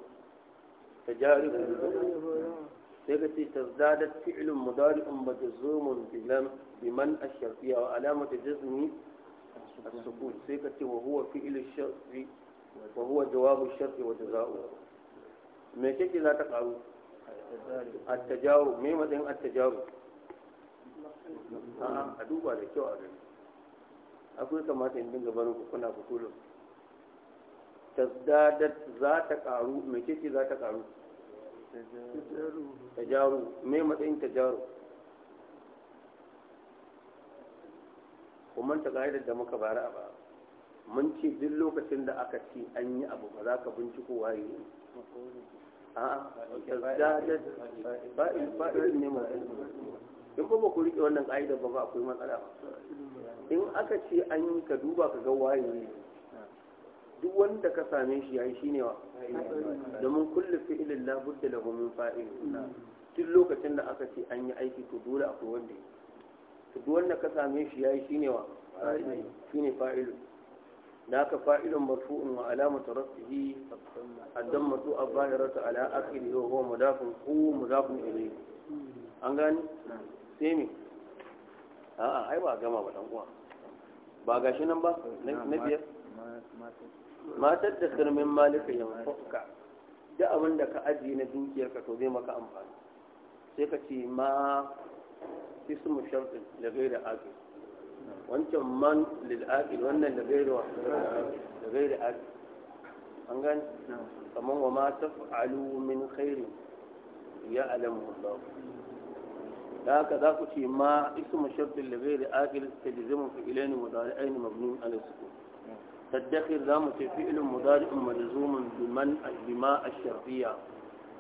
تجارب sai ka ce fi'ilun tazdadat fi'lun mudari'un majzumun bilam biman ash-shartiyya wa alamatu jazmi a sukun sai ka ce wa huwa fi'lu ash wa huwa jawabu shafi sharti wa jazaa'u me kike za ta karu A ta tajawub me matsayin a at-tajawub a duba da kyau a gani akwai kamata in dinga barin ku kuna fitulun tazdadat za ta karu me kike za ta karu tajaru me matsayin tajaru kuma ta ga'idar da muka bara a ba mun ce duk lokacin da aka ci an yi abu ba za ka binciko waye a'a fa'il ne mai in ba ku riƙe wannan ƙa'idar ba ba akwai matsala ba in aka ce an yi ka duba ka ga waye ne duk wanda ka same shi yayi shine wa domin kullu fi'lin la budda lahu min fa'il duk lokacin da aka ce an yi aiki to dole akwai wanda yi to duk wanda ka same shi yayi shine wa shine da naka fa'ilun marfu'un wa alamatu rafihi ad-dammatu adh ala akhirih wa huwa mudafun hu mudafun ilayhi an gani sai me a'a ai ba gama ba dan uwa ba gashi nan ba na biyar
matar da sirmin malika yanfa'uka
duk abin da ka ajiye na ka to zai maka amfani sai ka ce ma ismu shartin da da aqil wancan man lil aqil wannan da gai da da aqil an gani. Kamar wa ma fa'alu min khairin ya alamu Allah da haka za ku ce ma ismu shartin da gaira aqil tajzimu fi ilaini mudari'ain mabniun ala sukun تدخر لام فعل مضارع ملزوم بمن بما الشرطية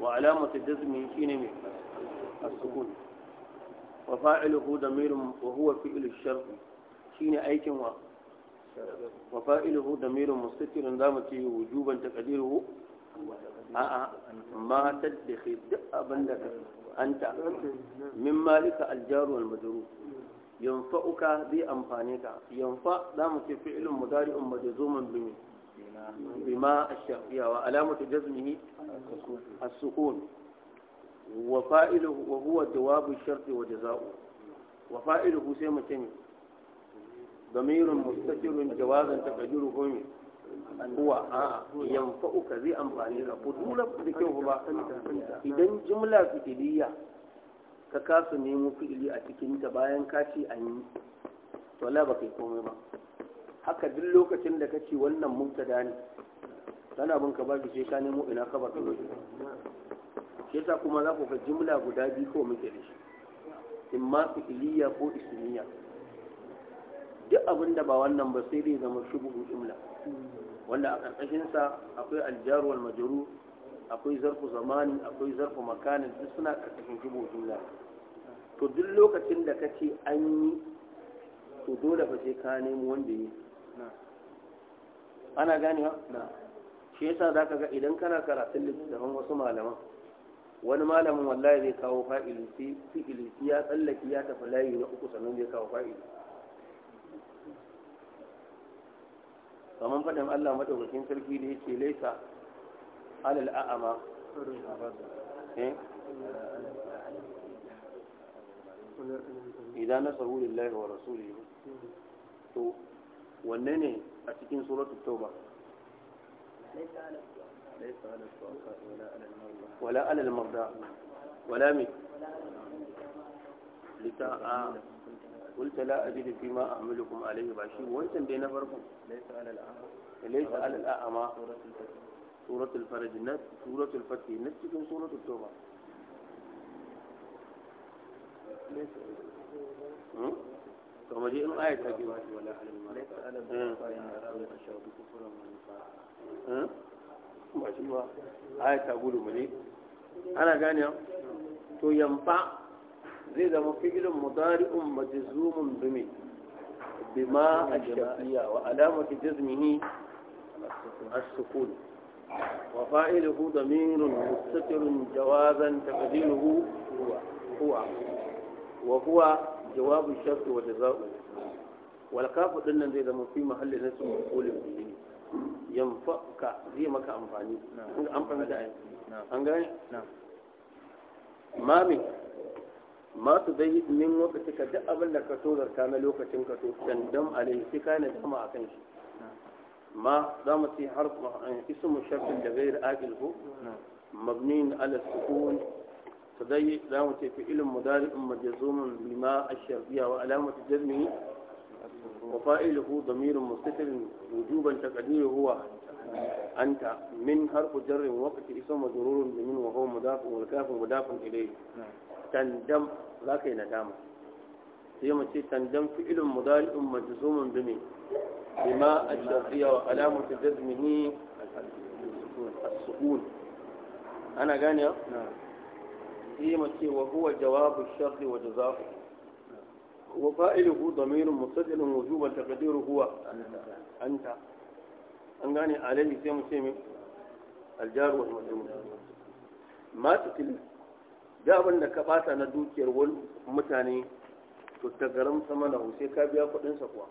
وعلامة الجزم شين السكون وفاعله ضمير وهو فعل الشرط شين أيكن وفاعله ضمير مستتر دامته وجوبا تقديره
آه، آه. ما
تدخر tadda ke duk abin da ka yanfa'uka zai amfane ka yanfa za mu ce fi'ilun mudari'un majzumun bi bima ash-shafiya wa alamatu jazmihi as-sukun wa fa'iluhu wa huwa jawabu ash-shart wa jazaa'u wa fa'iluhu sai mu ce damirun mustaqirun jawazan taqdiru hum huwa a yanfa'uka zai amfane ka ko dole da kyau ba idan jumla fi'iliya ka kasu nemo fi'ili a cikinta bayan ka ce an yi to la ba komai ba haka duk lokacin da kace wannan mubtada ne kana bin ka ba ki ka nemo ina ka ba kai shi yasa kuma za ku ga jumla guda biyu ko muke da shi imma fi'iliya ko ismiya duk abin da ba wannan ba sai dai zama shubuhu jumla wanda a ƙarƙashinsa akwai aljaru wal majru akwai zarfu zamani akwai zarfu makanin duk suna ƙarƙashin shubuhu jumla to duk lokacin da ka ce an yi to dole fa sai ka nemo wanda yi ana ganewa shi yasa za ka ga idan kana karatun littattafan wasu malaman wani malamin wallahi zai kawo fa'ili fi'ili ya tsallaki ya tafi layi na uku sannan zai kawo fa'ili kamar faɗin Allah maɗaukakin sarki da yake laisa alal a'ama idan nasaru lillahi wa rasulihi to wanne ne a cikin suratul tauba
ولا على المرضى ولا من
لتاء آه، قلت لا أجد فيما أعملكم عليه بعشير وانت بين فرقم ليس على الأعمى ليس على الأعمى سورة الفرج سورة الفتح نفسكم سورة التوبة
Hmm? to mu in ayat ta biyu hmm?
ba shi ba ayat ta gudu mu je ana gane to yamfa zai zama fi'ilun mudari'un majzumun bimi wa alamatu jazmihi as-sukun wa fa'iluhu damirun mustatirun jawazan taqdiruhu huwa wa huwa jawabu shartu wa jaza'u wal kafu din nan zai zama fi mahallin nasu maqulin bihi yanfa'uka zai maka amfani kun an fahimta ai
an gane mami
ma su dai lokaci ka duk abin da ka so zarta na lokacin ka so dandam alai sai ka ne dama akan shi ما دام في حرف اسم الشرط لغير آجل هو مبني على السكون فزي في فعل مضارع مجزوم بما الشرقية وعلامة جزمه وفائله ضمير مستتر وجوبا تقديره هو أنت من حرف جر وقت اسم مجرور بمن وهو مضاف والكاف مضاف إليه تندم لكن ندامة سيما تندم في علم مضارع مجزوم بمن بما الشرقية وعلامة جزمه السكون أنا قاني نعم سيما وهو جواب الشرط وجزاؤه وفائله ضمير مستدل وجوبا تقديره هو أنت أنغاني عليه سيما سيما الجار والمجموع ما تتل da abin da ka bata na dukiyar wani mutane to ta garam sama na sai ka biya kudinsa kuwa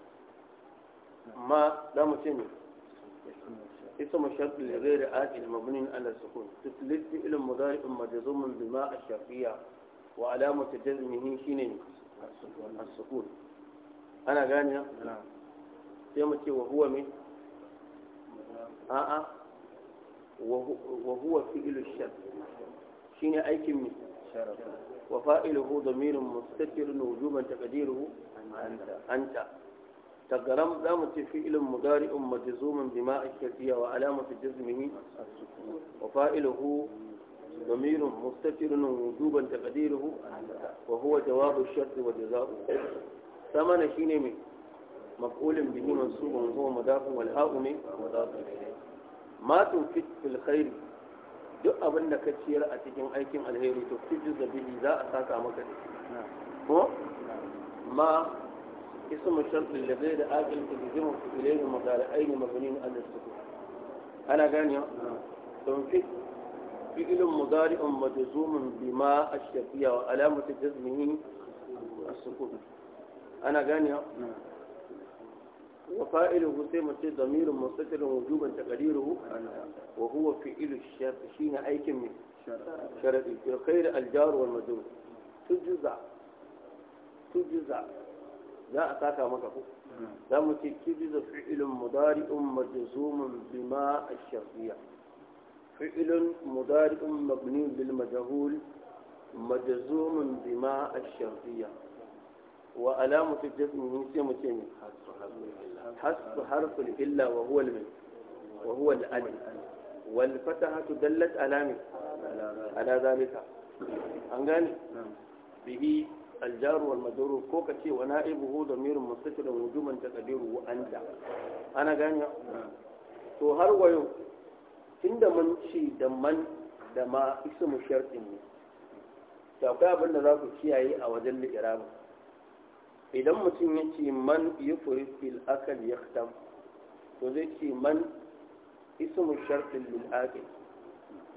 اسم الشرط لغير آتل مبني على السكون تثلث فعل مضارع مجزوم بما الشرطية وعلامة جزمه شين السكون أنا غانية نعم سيمتي وهو من آآ وهو فعل الشرط شين أي كمي وفائله ضمير مستتر وجوبا تقديره أنت, أنت. تقرم دام فعل أم جزوم بما الشرطية وعلامة جزمه وفائله ضمير مستتر وجوبا تقديره وهو جواب الشرط وجزاؤه ثمن شيني من مفعول به منصوب وهو مضاف والهاء من مضاف ما تنفق في الخير duk abin da ka ciyar a cikin aikin alheri to fi jizabi za a saka maka da ko ma اسم الشرط للغير عاقل تجزمه إليه مضارعين مبنين أن السكون أنا غانيا تنفيذ نعم. فعل مضارع مجزوم بما الشرطية وعلامة جزمه السكون أنا غانيا نعم. وفائل سيما سي ضمير مستتر وجوبا تقديره وهو فعل الشرط شين أي كم شرط الخير الجار والمجرور تجزع تجزع لا أتاك مكفو لا متكدد فعل مضارع مجزوم بما الشرطية فعل مضارع مبني بالمجهول مجزوم بما الشرطية وألامة الجزم نسي متين حسب حرف الإلا وهو المن وهو الأن والفتحة دلت ألامي على ذلك أنجاني نعم. به الجار والمجرور كوكا شيء ونائبه ضمير متصل وجوبا تقديره أنت أنا غانيا to har wayo tunda mun ci da man da ma ismu shartin ne to akwai abin da za ku kiyaye a wajen li'irabi idan mutum ya ce man yufri fil akal yaktam to zai ce man ismu shartin lil aqil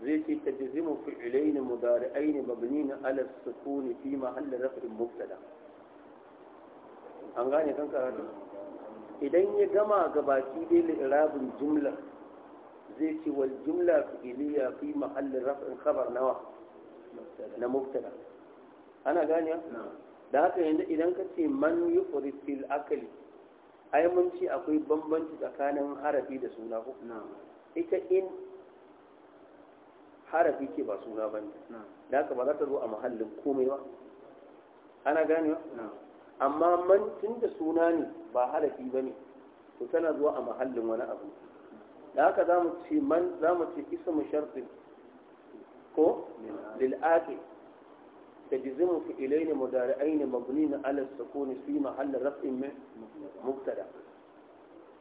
zai ce ta jizimu fi'ilai ne mudari'ai ne mabini na alas sukuni fi mahallin rafin mubtada an gane kan karatu idan ya gama gabaki dai li'irabin jumla zai ce wal jumla fi'iliya fi mahallin rafin khabar nawa na mubtada ana gane da haka yanzu idan ka ce man yufrid fil akali ai mun ce akwai bambanci tsakanin harafi da suna ko ita in harafi ce ba suna ba ne da haka ba za ta zo a mahallin komai ba ana gane ba amma man tun da suna ne ba harafi ba ne to tana zuwa a mahallin wani abu da haka za mu ce man za mu ce isa mu sharfin ko lil'aƙi da jizimu ilaini mu mudari'ai ne mabni na alas sakoni fi mahallin rafin min muktada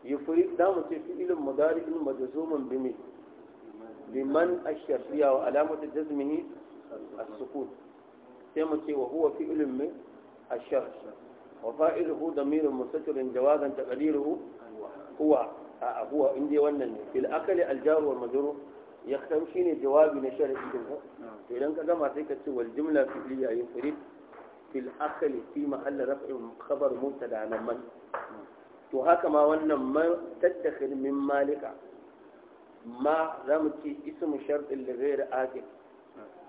yufri za mu ce fi'ilin mudari'in majzuman bi mai لمن أشر فيها وألامة جزمه السكون تيمتي وهو في علم الشر وفائله ضمير مستتر جوازا تقديره هو آه، هو عندي ونن في الأكل الجار والمجرور يختمشين جواب نشر الجملة في لنك أجمع تيكت والجملة في اللي ينفرد في الأكل في محل رفع خبر مبتدا عن من تهاكما ونن ما تتخذ من مالك ma za mu ci isu mu sharɗin da zai ra'aƙi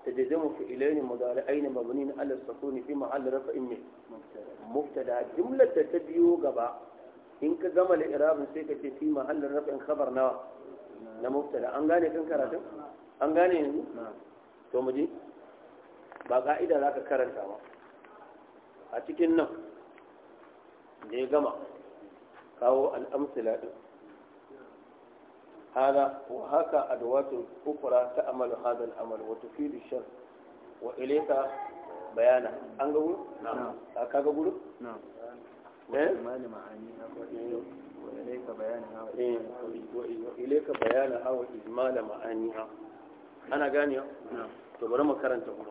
ta da zai mafi ilayin magana ainihin mabani na Allah su ne fi ma'allar rafa in mai muftada jimlar da ta biyo gaba in ka gama da irabin sai ka ce fi ma'allar rafa in khabar nawa na muftada an gane kan karatun an gane yanzu to mu ji ba ka'ida za ka karanta ba a cikin nan da ya gama kawo al'amsila ɗin هذا وهكا أدوات أخرى تعمل هذا العمل وتفيد الشر وإليك بيانا أنقول نعم أكاك أقول نعم وإليك بيانها وإليك بيانها وإجمال معانيها أنا قاني نعم تبرا ما كرنت أقول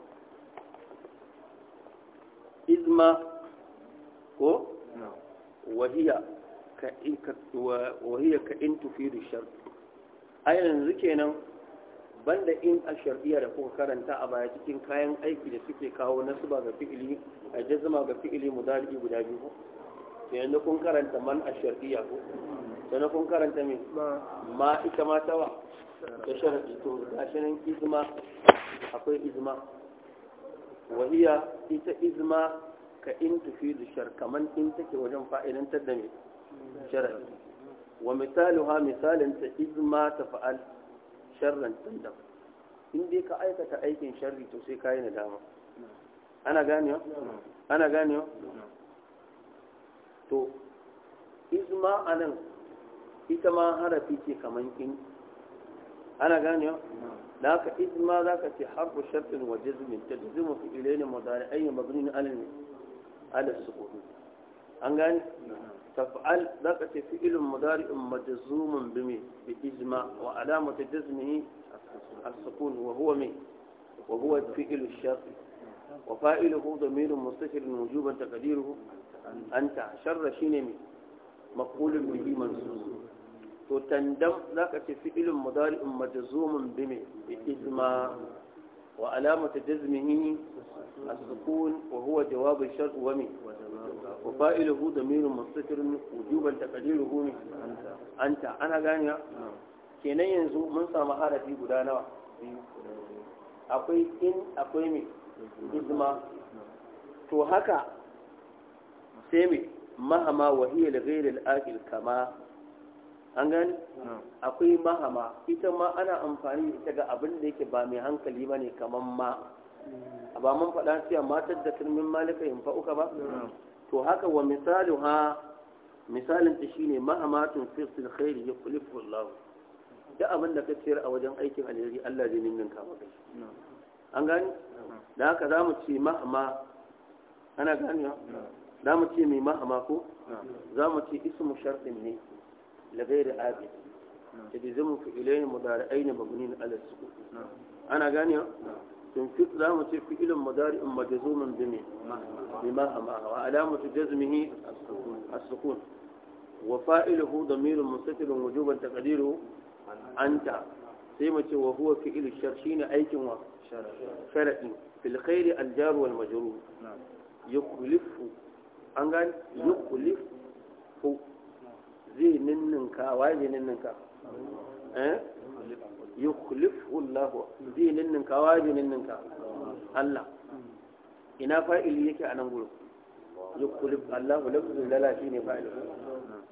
إذما هو وهي كإن وهي كإن تفيد الشر a yanzu kenan banda in a shar'iyya da kuka karanta a baya cikin kayan aiki da suke kawo ba ga fi'ili a jazma ga fi'ili mudari guda biyu yanzu kun karanta man a shar'iyya ko na kun karanta me ma ita ma tawa ta sharadi to gashi nan izma akwai izma wahiya ita izma ka in tafi da shar kaman in take wajen fa'ilantar da me sharadi wa misaluha misalin ta izma ta fa'al sharran tandam in dai ka aikata aikin sharri to sai ka yi nadama ana ganewa ana ganewa to izma anan ita ma harafi ce kaman kin, ana ganewa da ka izma za ka ce harfu shartin wa jazmin ta fi ilaini mazari ayyin mabnin alal alal sukudu an gane تفعل ذاك فعل مضارع مجزوم بمي بإجمع وعلامة جزمه السكون وهو مي وهو فعل الشرط وفائله ضمير مستشر وجوبا تقديره أنت شر شينمي مقول به منصوص تندم ذاك فعل مضارع مجزوم بمي بإجمع وعلامة جزمه السكون وهو جواب الشرط ومن وفائله ضمير مستتر وجوبا تقديره من أنت أنا غانيا kenan yanzu mun samu harafi guda nawa akwai in akwai mai izma to haka sai mai mahama wahiyar ghairil aqil kama an gani hmm. akwai mahama ita ma ana amfani da ita ga abin da yake ba mai hankali ba ne kamar ma a hmm. ba mun faɗa cewa matar da turmin malika yin fa'uka ba hmm. to haka wa misalin ha misalin ta shine mahamatun fisil khairi ya kulifu Allah da abin da ka ciyar a wajen aikin alheri Allah zai ninnin ka maka an gani da haka za mu ce mahama ana ganewa za mu ce mai mahama ko za mu ce ismu sharfin ne لغير عابد نعم. إلين مدار أين مبنين على السكون نعم. أنا غانيا نعم. تنفق لا متفق إلى أم مجزوم بمين بما أماها وعلامة جزمه السكون وفائله ضمير مستتر وجوبا تقديره أنت سيمة وهو إلى الشرشين أيكم شرعي في الخير الجار والمجرور يخلف أنقال يخلف zai ninninka waye zai ninninka eh yukhlifu Allah zai ninninka waye zai ninninka Allah ina fa'ili yake a nan gurin yukhlifu Allah lafzul lala shine fa'ili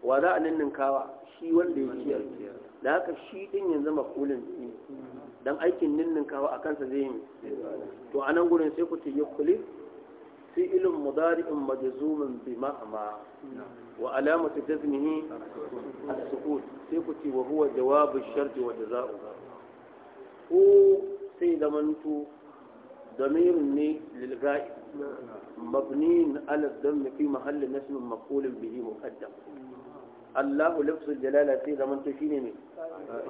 wa za a ninninkawa shi wanda ya ciyar da haka shi din yanzu makulin ne dan aikin ninninkawa a kansa zai yi to a nan gurin sai ku ce yukhlifu فعل مضارع مجزوم بمعمى وعلامة جزمه السكوت سيكتي وهو جواب الشرط وجزاؤه هو سيد منتو ضمير ني للغائب مبني على الضم في محل نسم مقول به مقدم الله لفظ الجلالة سيد منتو شيني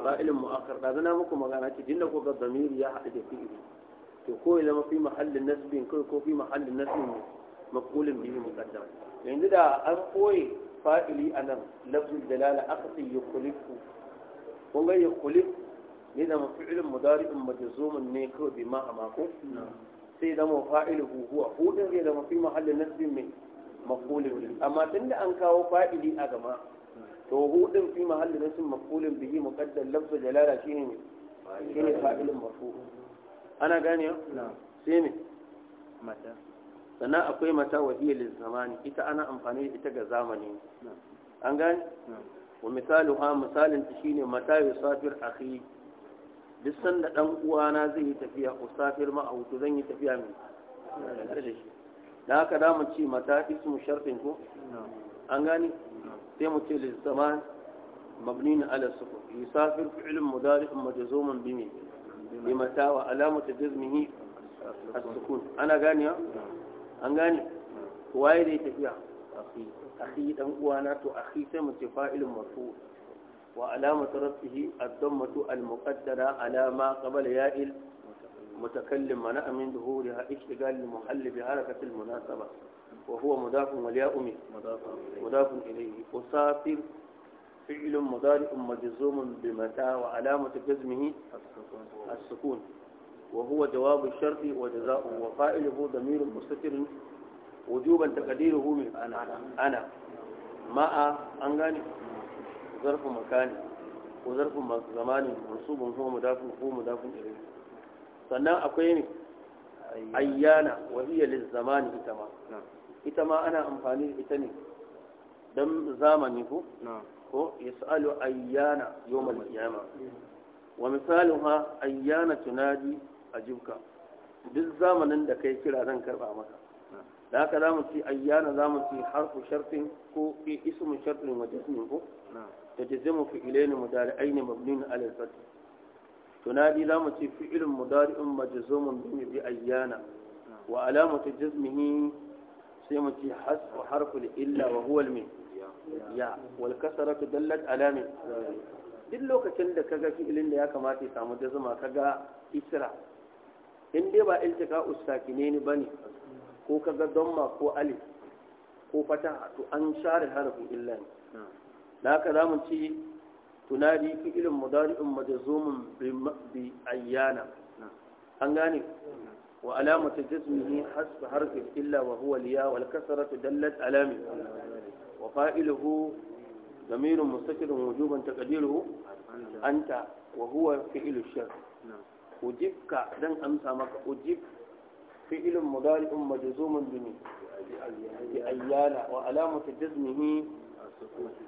قائل مؤخر قادنا مكو مغانا تجنكو ضمير يا حق فيه to ko ya zama fi mahallin nasbin kai ko fi mahallin nasbin maqulin bihi muqaddam yanzu da an koyi fa'ili anan lafzul dalala aqsi yukhlifu kun ga yukhlifu ne da mafi'ilin mudari'in majzumun ne kawai bi ma amako sai zama fa'iluhu huwa hudin zai zama fi mahallin nasbin mai maqulin amma tunda an kawo fa'ili a gama, to hudin fi mahallin nasbin maqulin bihi muqaddam lafzul dalala shine shine fa'ilin marfu' ana gane sai ne? mata sannan akwai mata wahiyar zamani ita ana amfani da ita ga zamani an gane wa misali ha misalin ta shine mata yusafir akhi duk sanda dan uwana zai yi tafiya usafir ma auto zan yi tafiya mai. da haka da mu ce mata ismu sharfin ko an gane sai mu ce lizaman mabni ala sukun yusafir fi'lun mudari majzumun bi بما ساوى علامة جزمه السكون أنا غاني أنا غاني هواي لي أخي أخي أنا تو أخي سمو تفاعل مرفوع وعلامة رفعه الضمة المقدرة على ما قبل يائل متكلم منع من ظهورها اشتغال المحل بحركة المناسبة وهو مضاف ولياء مضاف مضاف إليه وساطر فعل مضارع مجزوم بمتى وعلامة جزمه السكون وهو جواب الشرط وجزاء وقائله ضمير مستتر وجوبا تقديره من أنا أنا ما أنغاني ظرف مكان وظرف زمان منصوب هو مدافع هو مدافع إليه sannan akwai ne ayyana wahiyar zamani ita ma ita ma ana amfani da ita ne don zamani ko ko yas'alu ayyana yawmal qiyama wa misaluha ayyana tunadi ajibka duk zamanin da kai kira zan karba maka da haka zamu ci ayyana zamu ci harfu sharfin ko ismu sharfin wa jazmin ko tajzimu fi ilayni mudari'aini mabniun ala al-fath tunadi zamu ci fi'lun mudari'un majzumun bi ayyana wa alamatu jazmihi sai mu ci hasfu harfu illa wa huwa al-min ya wal kasaratu dallat alami duk lokacin da kaga fi'ilin da ya kamata ya samu jazma kaga isra in dai ba iltika ustakine ne bane ko kaga damma ko alif ko fata to an share harafin illa ne da haka mu ci tunadi fi'ilin mudari'un majzumun bi ayyana an gane wa alamatu jazmihi hasb harfi illa wa huwa liya wal kasratu dallat alami وفائله ضمير مستقر وجوبا تقديره أنت وهو فعل الشر أجبك دن أمسى مك أجب فعل مضارع مجزوم بني بأيانا وعلامة جزمه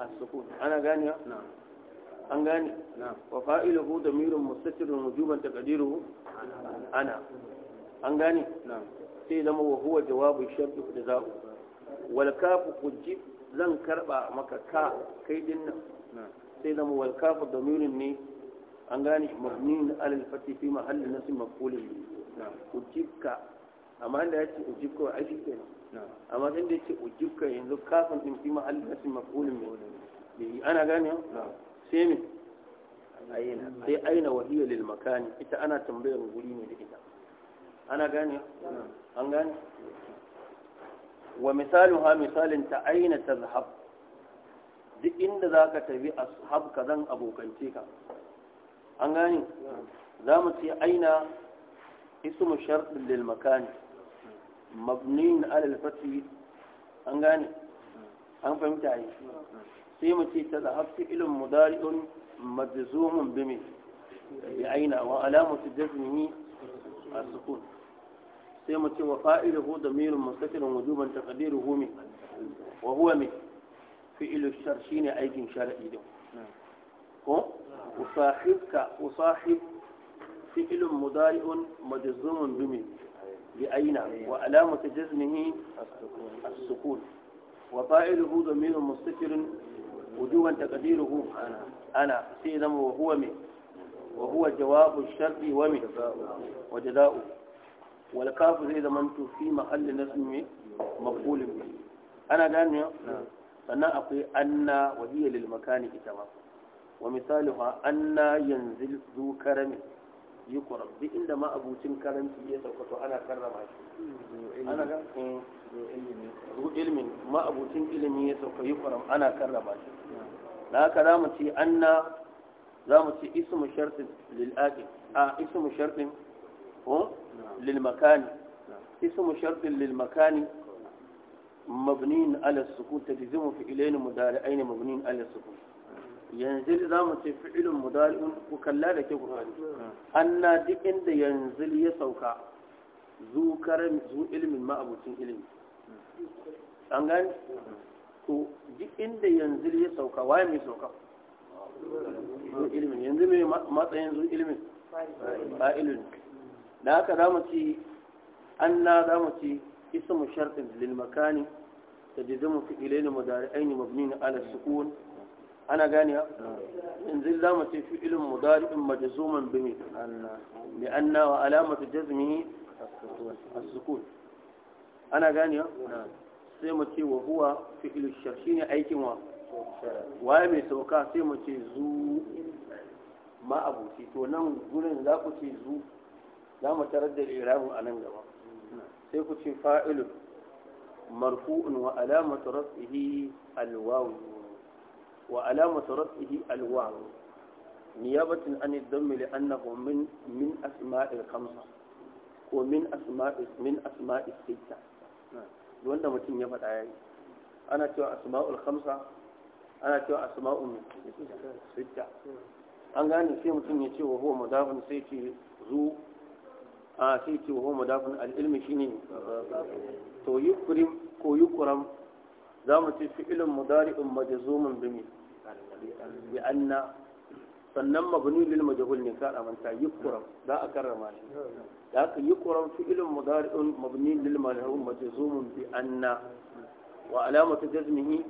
السكون أنا غانية نعم an gane wa fa'iluhu damirun mustatirun wujuban taqdiruhu ana an gane sai zama wa huwa jawabu shartu da za'u wal kafu kujib zan karba maka ka kai din nan sai zama wal kafu damirin ne an gane mabnin alal fati fi mahallin nasi mafulin ne ujibka amma inda yace ujibka wa aiki kenan amma inda yace ujibka yanzu kafin din fi mahallin nasi mafulin ne eh, ana gane sai me sai aina wahiya lil makani ita ana tambayar guri ne da ita ana gane an gane wa misaluha misalin ta aina tazhab duk inda za ka tafi ashab ka zan abokance ka an gane za mu ce aina ismu shartin lil makani mabnin alal fati an gane an fahimta yi sai mu ce ta zahab ta fi'ilun mudari'un majzumun bimi bi aina wa su jazmihi a sukun سيما تيم وفائله ضمير منفصل وجوبا تقديره من وهو من فعل الشرشين أي جنشاء إيدهم وصاحبك وصاحب فعل مضارع مجزوم بمن لأين وألامة جزمه السكون وفائله ضمير مستتر وجوبا تقديره أنا سيدم وهو من وهو جواب الشر ومن وجزاؤه wal zai zama to fi mahallin nasmi mafulin bi ana gane sannan akwai anna wa hiya makani ita ma wa misaluha anna yanzil zu karami yukura duk inda ma abucin karanci ya sauka to ana karrama
shi
ana ga zu ilmin ma abucin ilimi ya sauka yukura ana karrama shi da haka za ce anna za mu a ko للمكان اسم شرط للمكان مبني على السكون تجزم فعلين مضارعين مبني على السكون ينزل زامن فعل مضارع وكلا لك قرآن أن دي عند ينزل يسوكا ذو كرم ذو علم ما أبوتين علم an gani to duk ينزل yanzu ya sauka ذو علم ينزل ما ما mai علم فاعل da haka za mu ci an na za mu ci ismu sharɗi lil makani da mu fi mu mudari ainihin mabni na ala sukun ana gani ya yanzu za mu ce fi ilin mudari in majazuman bimi bi na wa alamatu jazmi a sukun ana gani ya sai mu ce wa huwa fi ilin sharshi ne aikin wa waye mai sauka sai mu ce zu ma abuci to nan gurin za ku ce zu za mu tarar da irabun a nan gaba sai ku ce fa'ilun marfu'un wa alamatu rafihi alwawu wa alamatu rafihi alwawu niyabatin an dammi li annahu min min asma'il Kamsa, ko min asma'i min asma'i sita wanda mutum ya faɗa ya yi. ana cewa asma'ul Kamsa, ana cewa asma'ul sita an gane sai mutum ya ce wa huwa mudafun sai ce zu a sai ce wa homo dafin al'ilmi shi ne to yi ko yi kuram za mu ce fi'ilin mudari'in majazumin bimi bi anna sannan mabni lil majhul ne ka amanta yi kuram za a karrama shi da aka yi kuram fi'ilin mudari'in mabni lil majhul majazumin bi anna wa alamatu jazmihi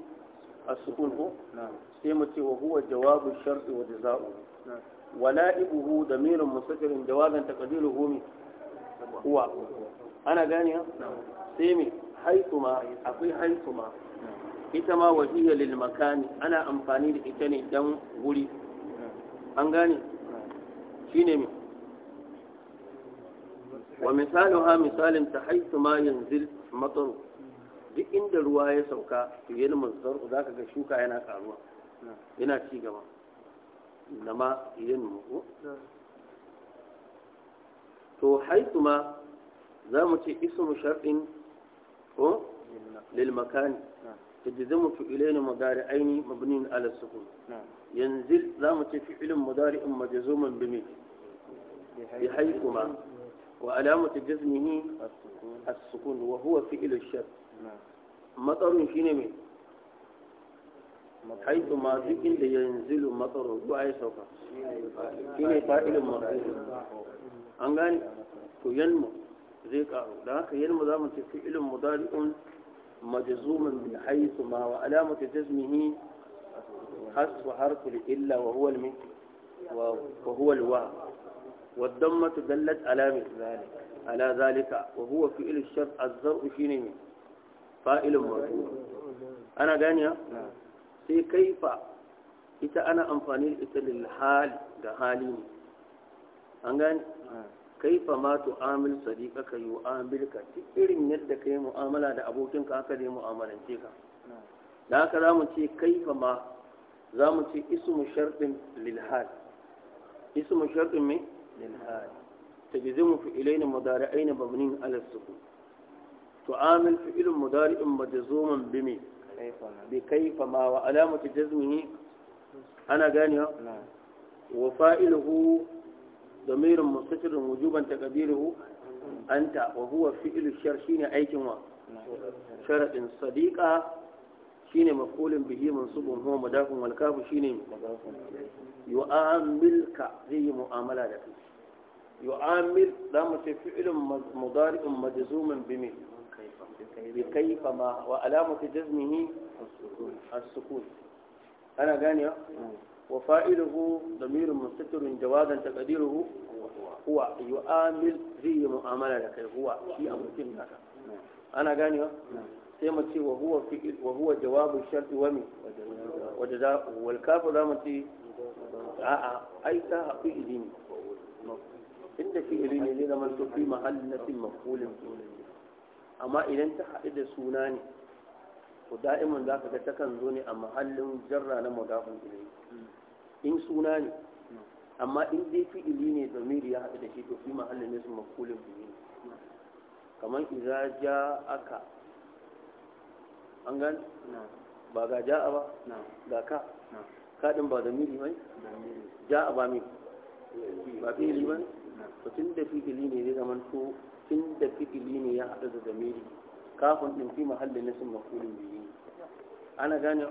as-sukun ko sai mu ce wa huwa jawabu shar'i wa jazaa'u ولائبه ضمير مستتر جوازا تقديره uwa ana gani ya? sai me haituma akwai haituma ita ma wajiyar lilmakani ana amfani da ita ne don wuri an gane shi ne mai
wa misalin
ha misalin ta haitu ma yanzu matsaro duk inda ruwa ya sauka fiye da matsar za ka ga shuka yana karuwa yana ci gaba na ma yin muku to haithuma اسم mu للمكان ismu sharɗin ko lilmakani مضارعين مبنين على السكون ينزل لام فعل مضارع مجزوم بمثل
بحيثما
وعلامة جزمه السكون وهو فعل الشر مطر في شنو
حيث ما ذكر
ينزل مطر هو أي سوف
كيني فائل مرحيل
أنغان ينمو ذيك أرو لأنك ينمو ذا من تفائل مضارع مجزوما بحيث ما وعلامة جزمه حس وحرك إلا وهو المثل وهو الواو والضمة دلت على ذلك على ذلك وهو فائل الشرط الزرق فيني فائل مرحيل أنا قاني نعم. sai kaifa ita ana amfani da ita lil ga hali ne an gani. kaifa ma to amil sadiqaka yu'amilka duk irin yadda kai mu'amala da abokinka haka zai mu'amalance ka da haka zamu ce kaifa ma zamu ce ismu shartin lil hal ismu shartin me lil hal تجزم فعلين مضارعين مبنين على السكون تعامل فعل مضارع bi mai. bi kaifa ma wa alamati jazmihi ana ganiyo wa fa'iluhu damirun mustatirun wujuban ta anta wa huwa fi'lu shar shine aikin wa sharadin sadiqa shine maqulun bihi mansubun huwa madafun wal shine yu'amilka zai mu'amala da kai yu'amil da mu ce fi'lun mudari'un majzumun bi min بكيف ما في جزمه السكون أنا قاني أه؟ نعم. وفائله ضمير مستتر جوازا تقديره هو يؤامل ذي مؤاملة لك هو في ممكن لك نعم. أنا قاني سيما أه؟ نعم. تي وهو في وهو جواب الشرط ومي وجزاء والكاف دامتي أي في إذن إنت في إذن إذا من في محل نفس مفهول amma idan ta haɗu da suna ne to da'iman za ka ga takan zo ne a mahallin jarra na magafin ilimi in suna ne amma in dai fi'ili ne da miri ya haɗu da shi to fi mahallin ne su makulin fi'ili kamar iza ja aka an gani ba ga ja-a ba ga ka kaɗin ba miri mai ja a ba mai ba fi'ili ba ne to tun da fi'ili ne zai zama to tun da fi'ili ne ya haɗu da zamiri kafin ɗin fi mahallin sun makulin biyu ana gane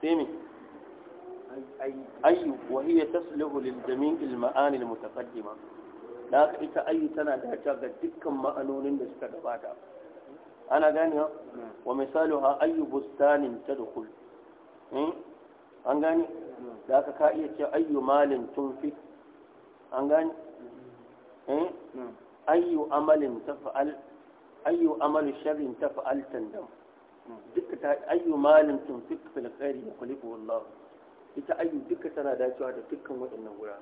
sai me ayyu wa hiya tasluhu lil al ma'ani al mutaqaddima da ka ita ayyu tana da ta ga dukkan ma'anonin da suka gabata ana gane wa misaluha ayyu bustanin tadkhul hmm? an gane da ka iya ce ayyu malin tunfi an gane Eh? ayyu amalin tafa'al ayyu amalu sharrin tafa'al tandam duka ta ayyu malin tunfik fil khairi yukhlifu Allah ita ayyu duka tana dacewa da dukkan waɗannan wurare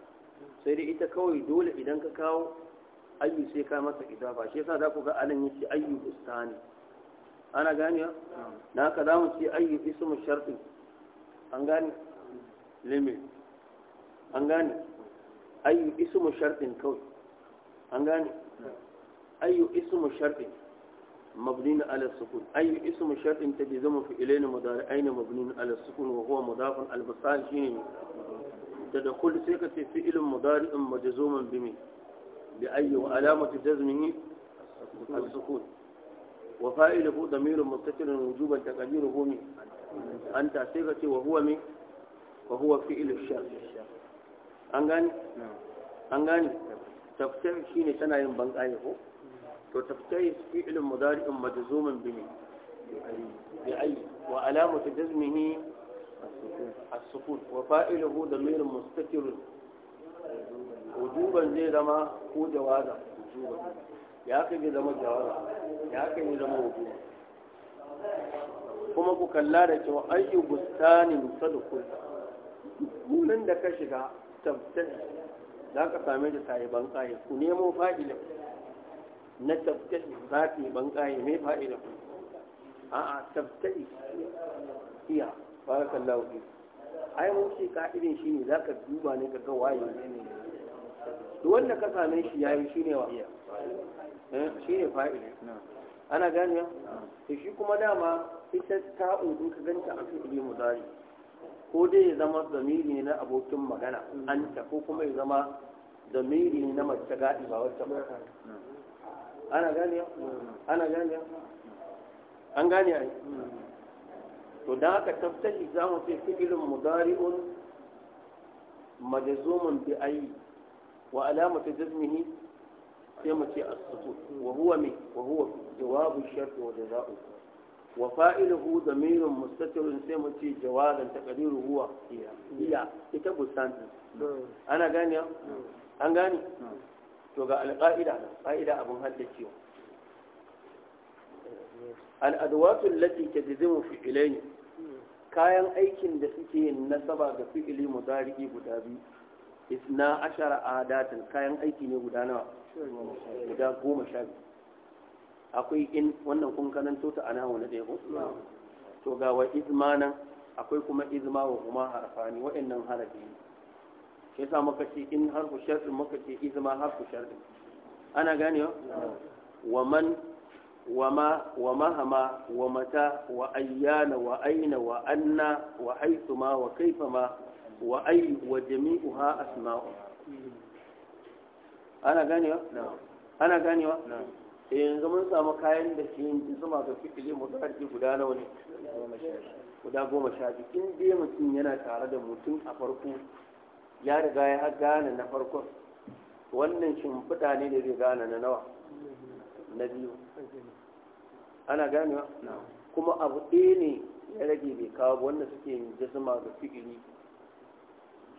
sai dai ita kawai dole idan ka kawo ayyu sai ka masa idafa shi yasa za ku ga alin yace ayyu bustani ana ganewa na ka za mu ce ayyu ismu sharfi an gane limit an gane ayyu ismu sharfin kawai a gani ayyukan iso masharfin ta jizumin fi’ilai na madari ayna maɓnini alasukun wa huwa mazaun albasan shine ni ta da koli sai ka ce fi’ilin magari in ba da zoma bi min da ayyuka alama ta jazmin yi alasukun wafa ile ko da mirin matakanin hudu ba ta kan jira ko ni an ta sai ka ce wa huwa fi’ilashakana. تفتعي شين سنة ينبنغ أيهو وتفتعي فعل مضارع مجزوما بمي بأي وألامة جزمه السكون وفائله ضمير مستكر وجوبا زي دما هو جوازا وجوبا ياكي زي دما جوازا ياكي زي دما وجوبا كما قال الله تعالى أي بستان صدق قلت قول عندك شكا za ka same da sahiban banƙaye ku nemo fa'ila na tabtaɗi za ta yi ban ƙaye mai fa'ila a'a tabtaɗi iya fara kallawa ai mun ce ka'idin shi ne za ka duba ne ka ga waye duk wanda ka same shi ya yi shi ne wa eh, shi ne fa'ila ana gane ya shi kuma dama ita ta'udu ka ganta a fi'ili zari ko dai ya zama zamiri na abokin magana an ta ko kuma ya zama zamiri na mace gadi ba wacce ba ana gane ana gane an gane ai to dan aka tafsiri za mu ce fi'ilun mudari'un majzumun bi ayi wa alamatu jazmihi sai mu ce as-sukut wa huwa mi wa huwa jawabu shartu wa jazaa'u wa fa'iluhu damirun mustatirun sai mu ce jawazan taqdiru huwa iya ita bustan ana gane an gane to ga alqaida qaida abun haddacewa al'adwatu allati tajzimu fi'ilaini kayan aikin da suke yin nasaba ga fi'ili mudari'i guda biyu isna ashara adatin kayan aiki ne guda nawa guda goma sha biyu akwai in wannan kun karanto ta ana wani ɗaya ko to ga wa izma nan akwai kuma izma wa kuma harfani wa'annan harafi ne shi sa muka ce in har ku sharri muka ce izma har ku sharri ana gane wa man wa ma wa mahama wa mata wa ayyana wa aina wa anna wa haythu ma wa kaifa ma wa ay wa jami'uha asma'u hmm. ana ganewa ana wa? na'am Eh, yanzu mun samu kayan da ke yin masu ga fikile mu tsarki guda nawa ne guda goma sha biyu in dai mutum yana tare da mutum a farko ya riga ya gane na farko wannan shimfiɗa ne da zai gane na nawa na biyu ana wa kuma abu ɗaya ne ya rage bai kawo wanda suke yin jisma ga shi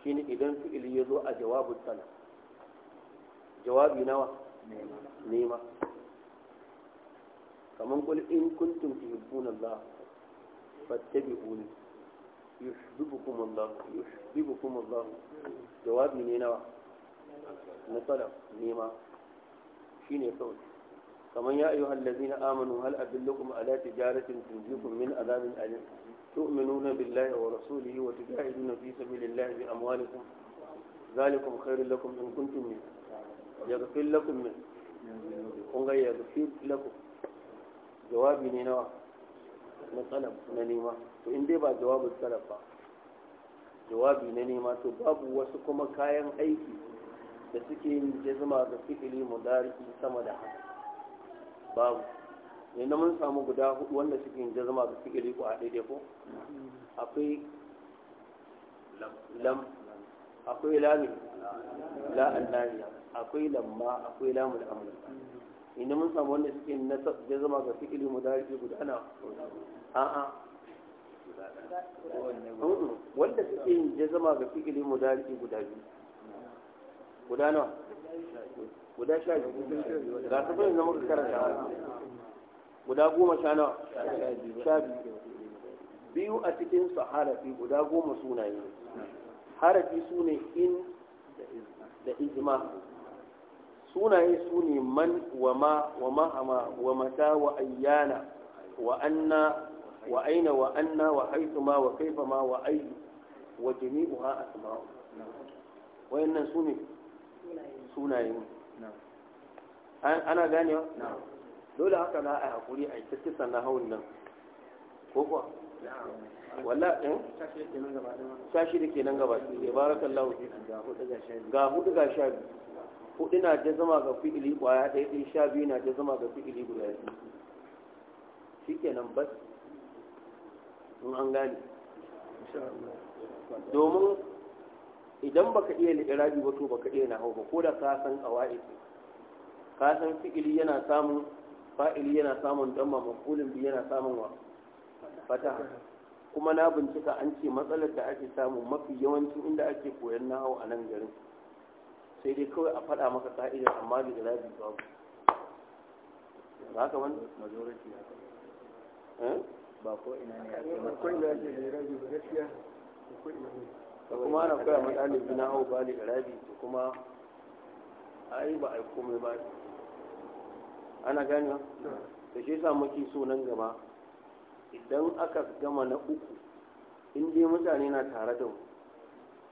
shine idan fi'ili ya zo a jawabin sana jawabi nawa nema فمن قل إن كنتم تحبون الله فاتبعوني يحببكم الله يحببكم الله جواب من هنا نطلع نيمة شين يقول فمن يا أيها الذين آمنوا هل أدلكم على تجارة تنجيكم من عذاب الألم تؤمنون بالله ورسوله وتجاهدون في سبيل الله بأموالكم ذلكم خير لكم إن كنتم يغفر لكم من قنغي يغفر لكم jawabi ne nawa na salaf na nema to in dai ba jawabin salaf ba jawabi na nema to babu wasu kuma kayan aiki da suke yin jazma da fi'ili mudariki sama da haka babu yanzu mun samu guda hudu wanda suke yin jazma da fi'ili ko a daidai ko akwai lam akwai lamin la annabiya akwai lamma akwai lamul amr inda mun samu wanda suke na da zama ga fi'ili mudariki gudana a a'a wanda suke yin zama ga fi'ili mudariki guda biyu
guda
gudana guda sha biyu ga su bayan zama karanta guda goma sha nawa sha biyu biyu a cikin su harafi guda goma sunaye harafi su ne in da izma sunaye su ne man wa ma wa mahama wa mata wa ayyana wa anna wa aina wa anna wa haitu ma wa kaifa ma wa ayyu wa ha asma'u wayannan su ne sunaye ana ganewa dole haka za a hakuri a ita kisan na hawan nan ko kuwa walla ɗin eh? shashi da ke nan gaba ke barakallahu ga hudu ga sha biyu hudu na jazama ga fi'ili kwaya ɗaya ɗin sha biyu na jazama ga fi'ili guda biyu shikenan bas in an gane domin idan baka iya li'irabi ba to baka iya hau ba ko da ka san qawaid ka san fi'ili yana samun fa'ili yana samun damma maf'ulin bi yana samun wa fata kuma na bincika an ce matsalar da ake samu mafi yawancin inda ake koyon hau a nan garin sai dai kawai a faɗa maka ka'idar amma da zabi babu haka wani majority eh? ba ko ina ne ko ina ne da rabi ba gaskiya ko ina ne kuma ana kawai matsalin ɗalibi hau ba da rabi to kuma ai ba a komai ba ana gani ba da shi sa maki so nan gaba idan aka gama na uku in dai mutane na tare da mu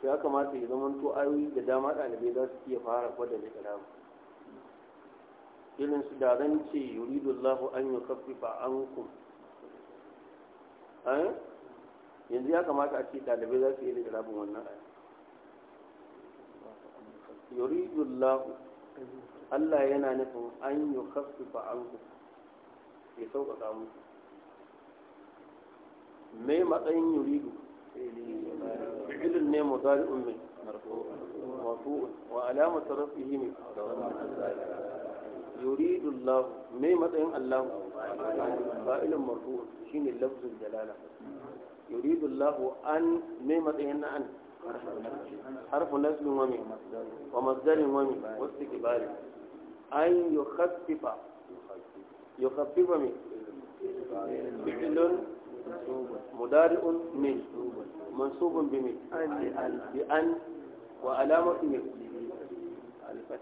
to ya kamata ya zama to ayoyi da dama ɗalibai za su iya fara gwada da kalamu irin su da zan ce yuridullahu an kafi ba an ku. Eh? yanzu ya kamata a ce ɗalibai za su iya da rabin wannan aya yuridullahu Allah yana nufin an kafi ba an ku, ya sauƙaƙa muku Mai matsayin yuridu فعل مضارع من مرفوع وعلامة رفعه من يريد الله ما مدين الله فائل مرفوع شين اللفظ الجلالة يريد الله أن ما مدين أن حرف نسل ومي ومصدر ومي واستكبار أن يخفف يخفف من فعل مدارئ من منصوب بمن بأن وعلامة من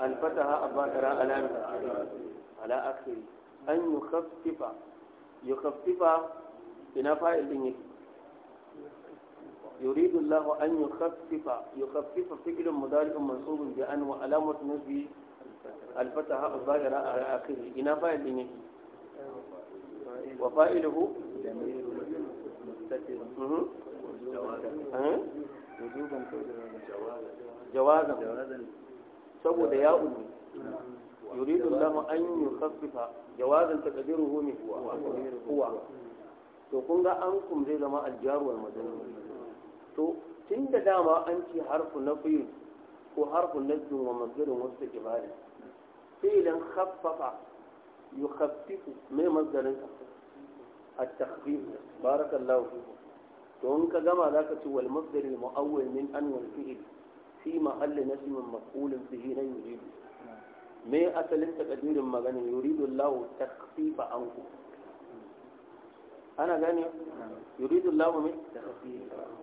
الفتحة أباكرا علامة على آخر أن يخفف يخفف بنفع فاعل يريد الله أن يخفف يخفف فكر مضارع منصوب بأن وعلامة نصبه الفتحة الظاهرة على آخره بنفع فاعل وفائله جميل مستتر Eh? jawazan saboda ya ulu يريد الله أن يخفف jawazan ta من هو kuwa to kun ga an kum zai zama aljaru wal majalur to tun da dama an ci harfu na fi'il ko harfu na jin wa masdarin wasu ta kibari fi'ilan khaffafa yukhaffifu mai masdarin a takhfif barakallahu fikum to ka gama za ka ci wal masdar al mu'awwal min an wal fi'l fi mahalli nasb maf'ul bihi na yuridu me asalin takadirin magana yuridu Allah takfifa anku ana gane yuridu Allah mai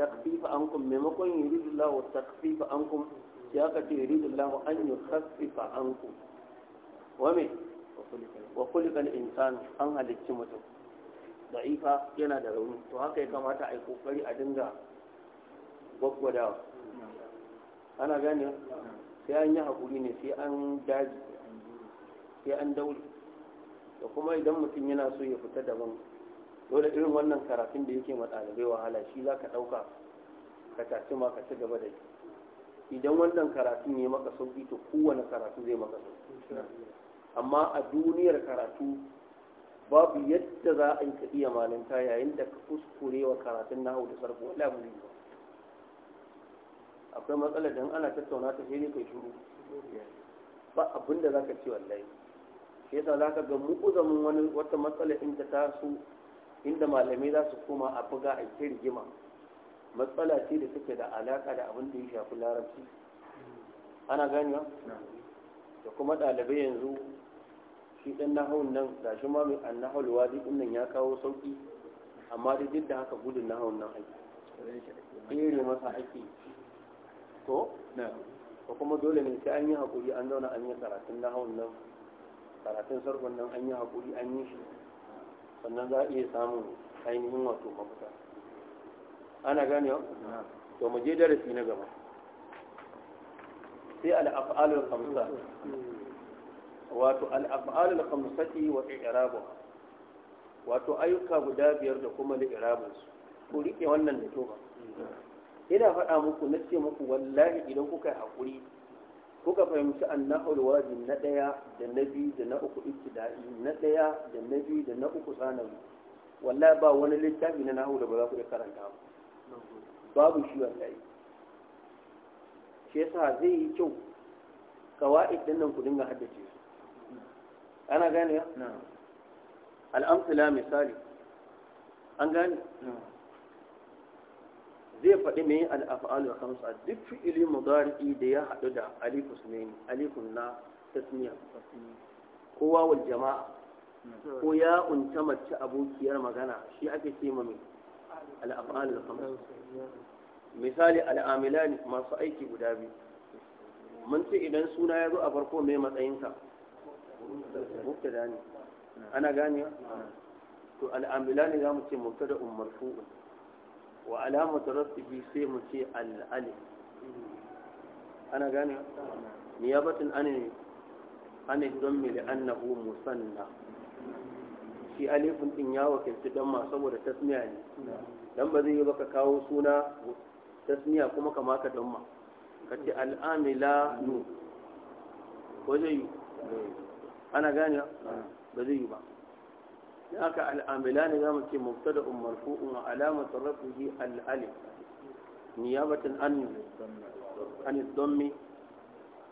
takfifa ankum maimakon yuridu Allah takfifa ankum ya aka ce yuridu Allah an yukhaffifa ankum wa me wa kulika al insanu an halicci mutum da'ifa yana da rauni to haka ya kamata a yi kokari a dinga gwaggwadawa ana gane sai an yi haƙuri ne sai an dauri. sai da kuma idan mutum yana so ya fita daban dole irin wannan karatun da yake ɗalibai wahala shi za ka ɗauka ka tafi ma ka ci gaba da shi. idan wannan karatu ne maka sauki to kowane karatu zai maka sauki amma a duniyar karatu babu yadda za a yi ka iya malinta yayin da ka kuskure wa karatun nahu da sarfu wala ba akwai matsalar don ana tattauna ta sai ne kai shuru ba abin za ka ce wallahi shi yasa za ka ga mu uzamin wani wata matsala inda ta su inda malamai za su koma a buga a ke rigima matsala ce da take da alaka da abin da ya shafi larabci ana ganewa da kuma ɗalibai yanzu shi ɗan nahawun nan ga shi ma mai annahawul wadi ɗin nan ya kawo sauƙi amma dai duk da haka gudun nahawun nan
ake ne masa
ake to ko kuma dole ne sai an yi haƙuri an zauna an yi karatun nahawun nan karatun sarkon nan an yi haƙuri an yi shi sannan za a iya samun ainihin wato mafita ana gane to mu je darasi na gaba sai al'af'alul hamsa wato al'af'al al-khamsati wa i'rabu wato ayyuka guda biyar da kuma li'irabun ku rike wannan da toba ina faɗa muku na ce muku wallahi idan kuka yi haƙuri kuka fahimci annahul wajib na ɗaya da na biyu da na uku ibtida'i na ɗaya da na biyu da na uku sanawi wallahi ba wani littafi na nahu da ba za ku iya karanta
ba
babu shi wallahi shi yasa zai yi kyau kawai ɗin nan ku dinga haddace ana gane ya al'amfila misali an gane zai faɗi mai al'afa'alu hamsa duk fi'ili mudari'i da ya haɗu da alifus ne alifun na tasmiya kowa wal jama'a ko ya unta mace abokiyar magana shi ake ce mai al'afa'alu hamsa misali al'amilani masu aiki guda biyu mun ce idan suna ya zo a farko mai matsayinsa mubtada ne ana gane to al'amila ne za mu ce mubtada un marfu'un wa alamatu rafi'i sai mu ce al'alif ana gane niyabatin an an don mili annahu musanna shi alifin din ya wakilci don ma saboda tasmiya ne dan ba zai yi baka kawo suna tasmiya kuma kama ka don ma ka ce al'amila nu ko zai yi أنا جاني بذي بقى ناك العاملان نامك مبتدا مرفوع وعلامة رفعه الألف نيابة عن عن الضم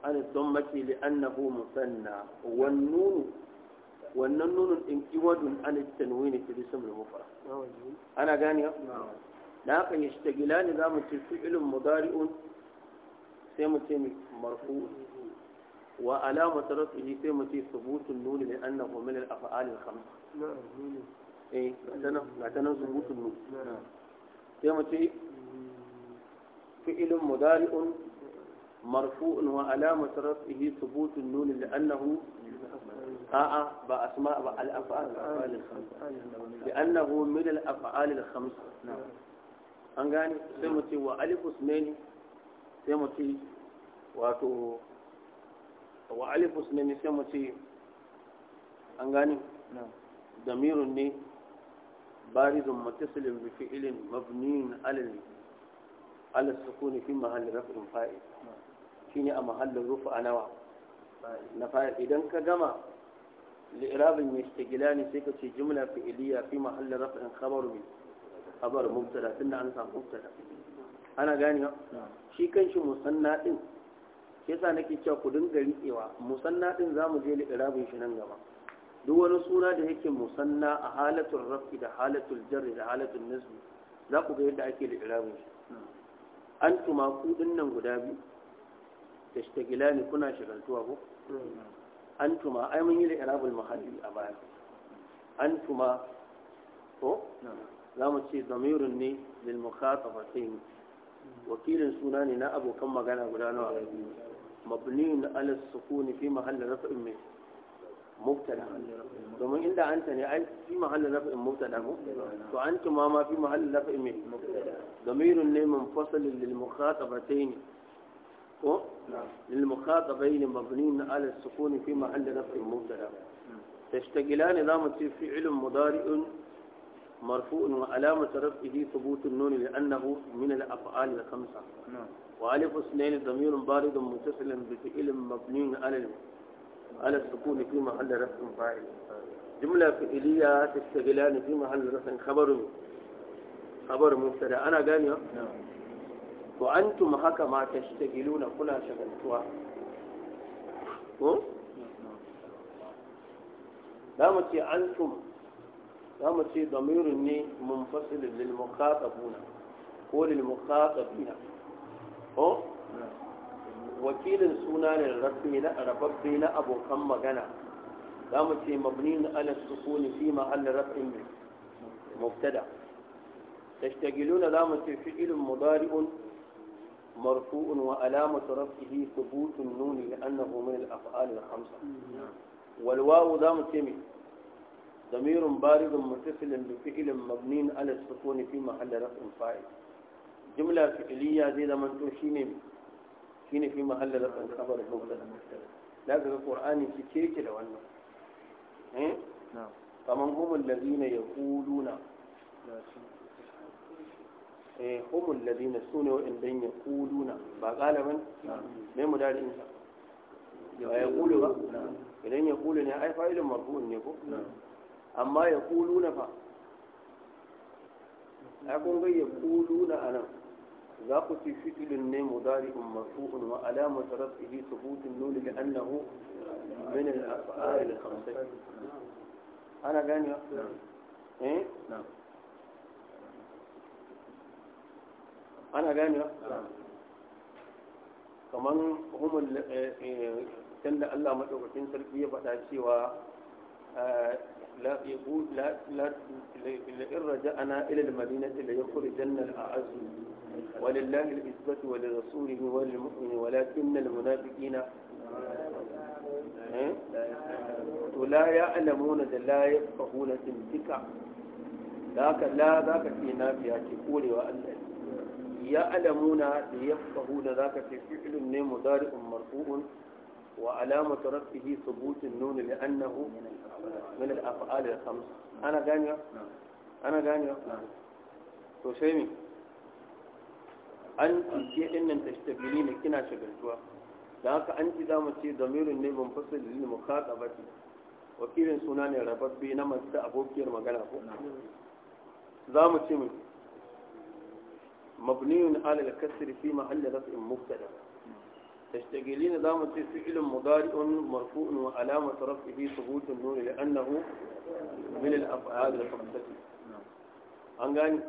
عن الضمة لأنه مثنى والنون والنون انقواد عن التنوين في الاسم المفرد أنا جاني ناك يشتغلان نامك فعل مضارع سيمتين مرفوع وعلامة رفعه سيما ثبوت النون لأنه من الأفعال الخمسة نعم إيه نعم ثبوت النون نعم سيما فعل مضارع مرفوع وعلامة رفعه ثبوت النون لأنه آه بأسماء الأفعال الخمسة لأنه من الأفعال الخمسة نعم أنغاني سيما في وألف اثنين سيما واتو wa alifus ne sai mu ce an gani damirun ne barizun mutasilin bi fi'ilin mabniyin alal alal sukuni fi mahallin rafin fa'il shine a mahallin rufu anawa? na fa'il idan ka gama li'irabin yashtagilani sai ka ce jumla fi'iliya fi mahallin rafin khabaru bi khabar mubtada tunda an samu mubtada ana gani shi kanshi musanna din yasa nake cewa ku dinga riƙewa musanna din zamu je liƙirabin shi nan gaba duk wani suna da yake musanna a halatul rafi da halatul jarri da halatul nasbi za ku ga yadda ake liƙirabin shi an tuma ku nan guda biyu da shtagila ne kuna shigaltuwa ko an tuma ai mun yi liƙirabul mahalli a baya an tuma ko za mu ce zamirun ne lil mukhatabatain wakilin suna ne na abokan magana guda nawa مبنين على السكون في محل رفع منه مبتدا ثم عند انت يعني في محل رفع مبتدا وانت ما ما في محل رفع منه ضمير النيم منفصل للمخاطبتين و نعم. للمخاطبين مبنين على السكون في محل رفع مبتدا تشتغلان نظام فعل مضارع مرفوع وعلامه رفعه ثبوت النون لانه من الافعال الخمسه نعم وألف اثنين ضمير بارد متصل بفعل مبني على على السكون في محل رفع فاعل جملة فعلية تشتغلان في محل رفع خبر خبر مبتدا أنا قاني نعم. وأنتم هكا ما تشتغلون كنا شغلتوا لا متي أنتم لا متي ضمير منفصل للمخاطبون وللمخاطبين ko wakilin suna ne rabbi na rababbe na abokan magana za mu ce mabni na ala sukuni fi mahallin rabbin mubtada tashtagiluna za mu ce fi'ilun mudari'un مرفوع وعلامة رفعه ثبوت النون لأنه من الأفعال الخمسة والواو ذا متمي ضمير بارد متصل بفعل مبني على السكون في محل رفع فاعل jumla fi'liya zai zama to shine shine fi mahalla da kan kabar mubtada da ga qur'ani shi ke yake da wannan eh na'am kaman humul ladina yaquluna eh humul ladina sune wa'indan yaquluna ba galaban me mu dare insa ba yaqulu ba idan yaqulu ne ai fa'ilun marfu'un ne ko amma yaquluna fa ai kun ga yaquluna anan za ku ci fitilun ne mudari'un marfu'un wa alamatu rafihi thubutun nun li annahu min al-af'al al-khamsah ana gani eh ana gani kaman can da Allah madaukakin sarki ya faɗa cewa لا يقول لا لا لئن رجعنا kuri jannar a azumi. ولله الإثبة ولرسوله وللمؤمن ولكن المنافقين إيه؟ لا يعلمون لا يفقهون تمسكا ذاك لا ذاك في نافيا تقول وأن يعلمون ليفقهون ذاك في فعل مضارع مرفوع وعلامة رفعه ثبوت النون لأنه من الأفعال الخمس أنا جانيا أنا جانيا نعم. تو شيمي an cuce ɗin nan ta shi ne kina shagaltuwa da haka an ci za mu ce zamirin ne ban fasa da zini mukaka ba ce wakilin suna ne rababbe na masu ta abokiyar magana ko za mu ce mu mabniyun alal kasri fi mahalli rafin muktada tashtagili ne za mu ce su ilin mudari'un marfu'un wa alamata rafihi
subutun nuni li annahu min al-af'al al-khamsati an gani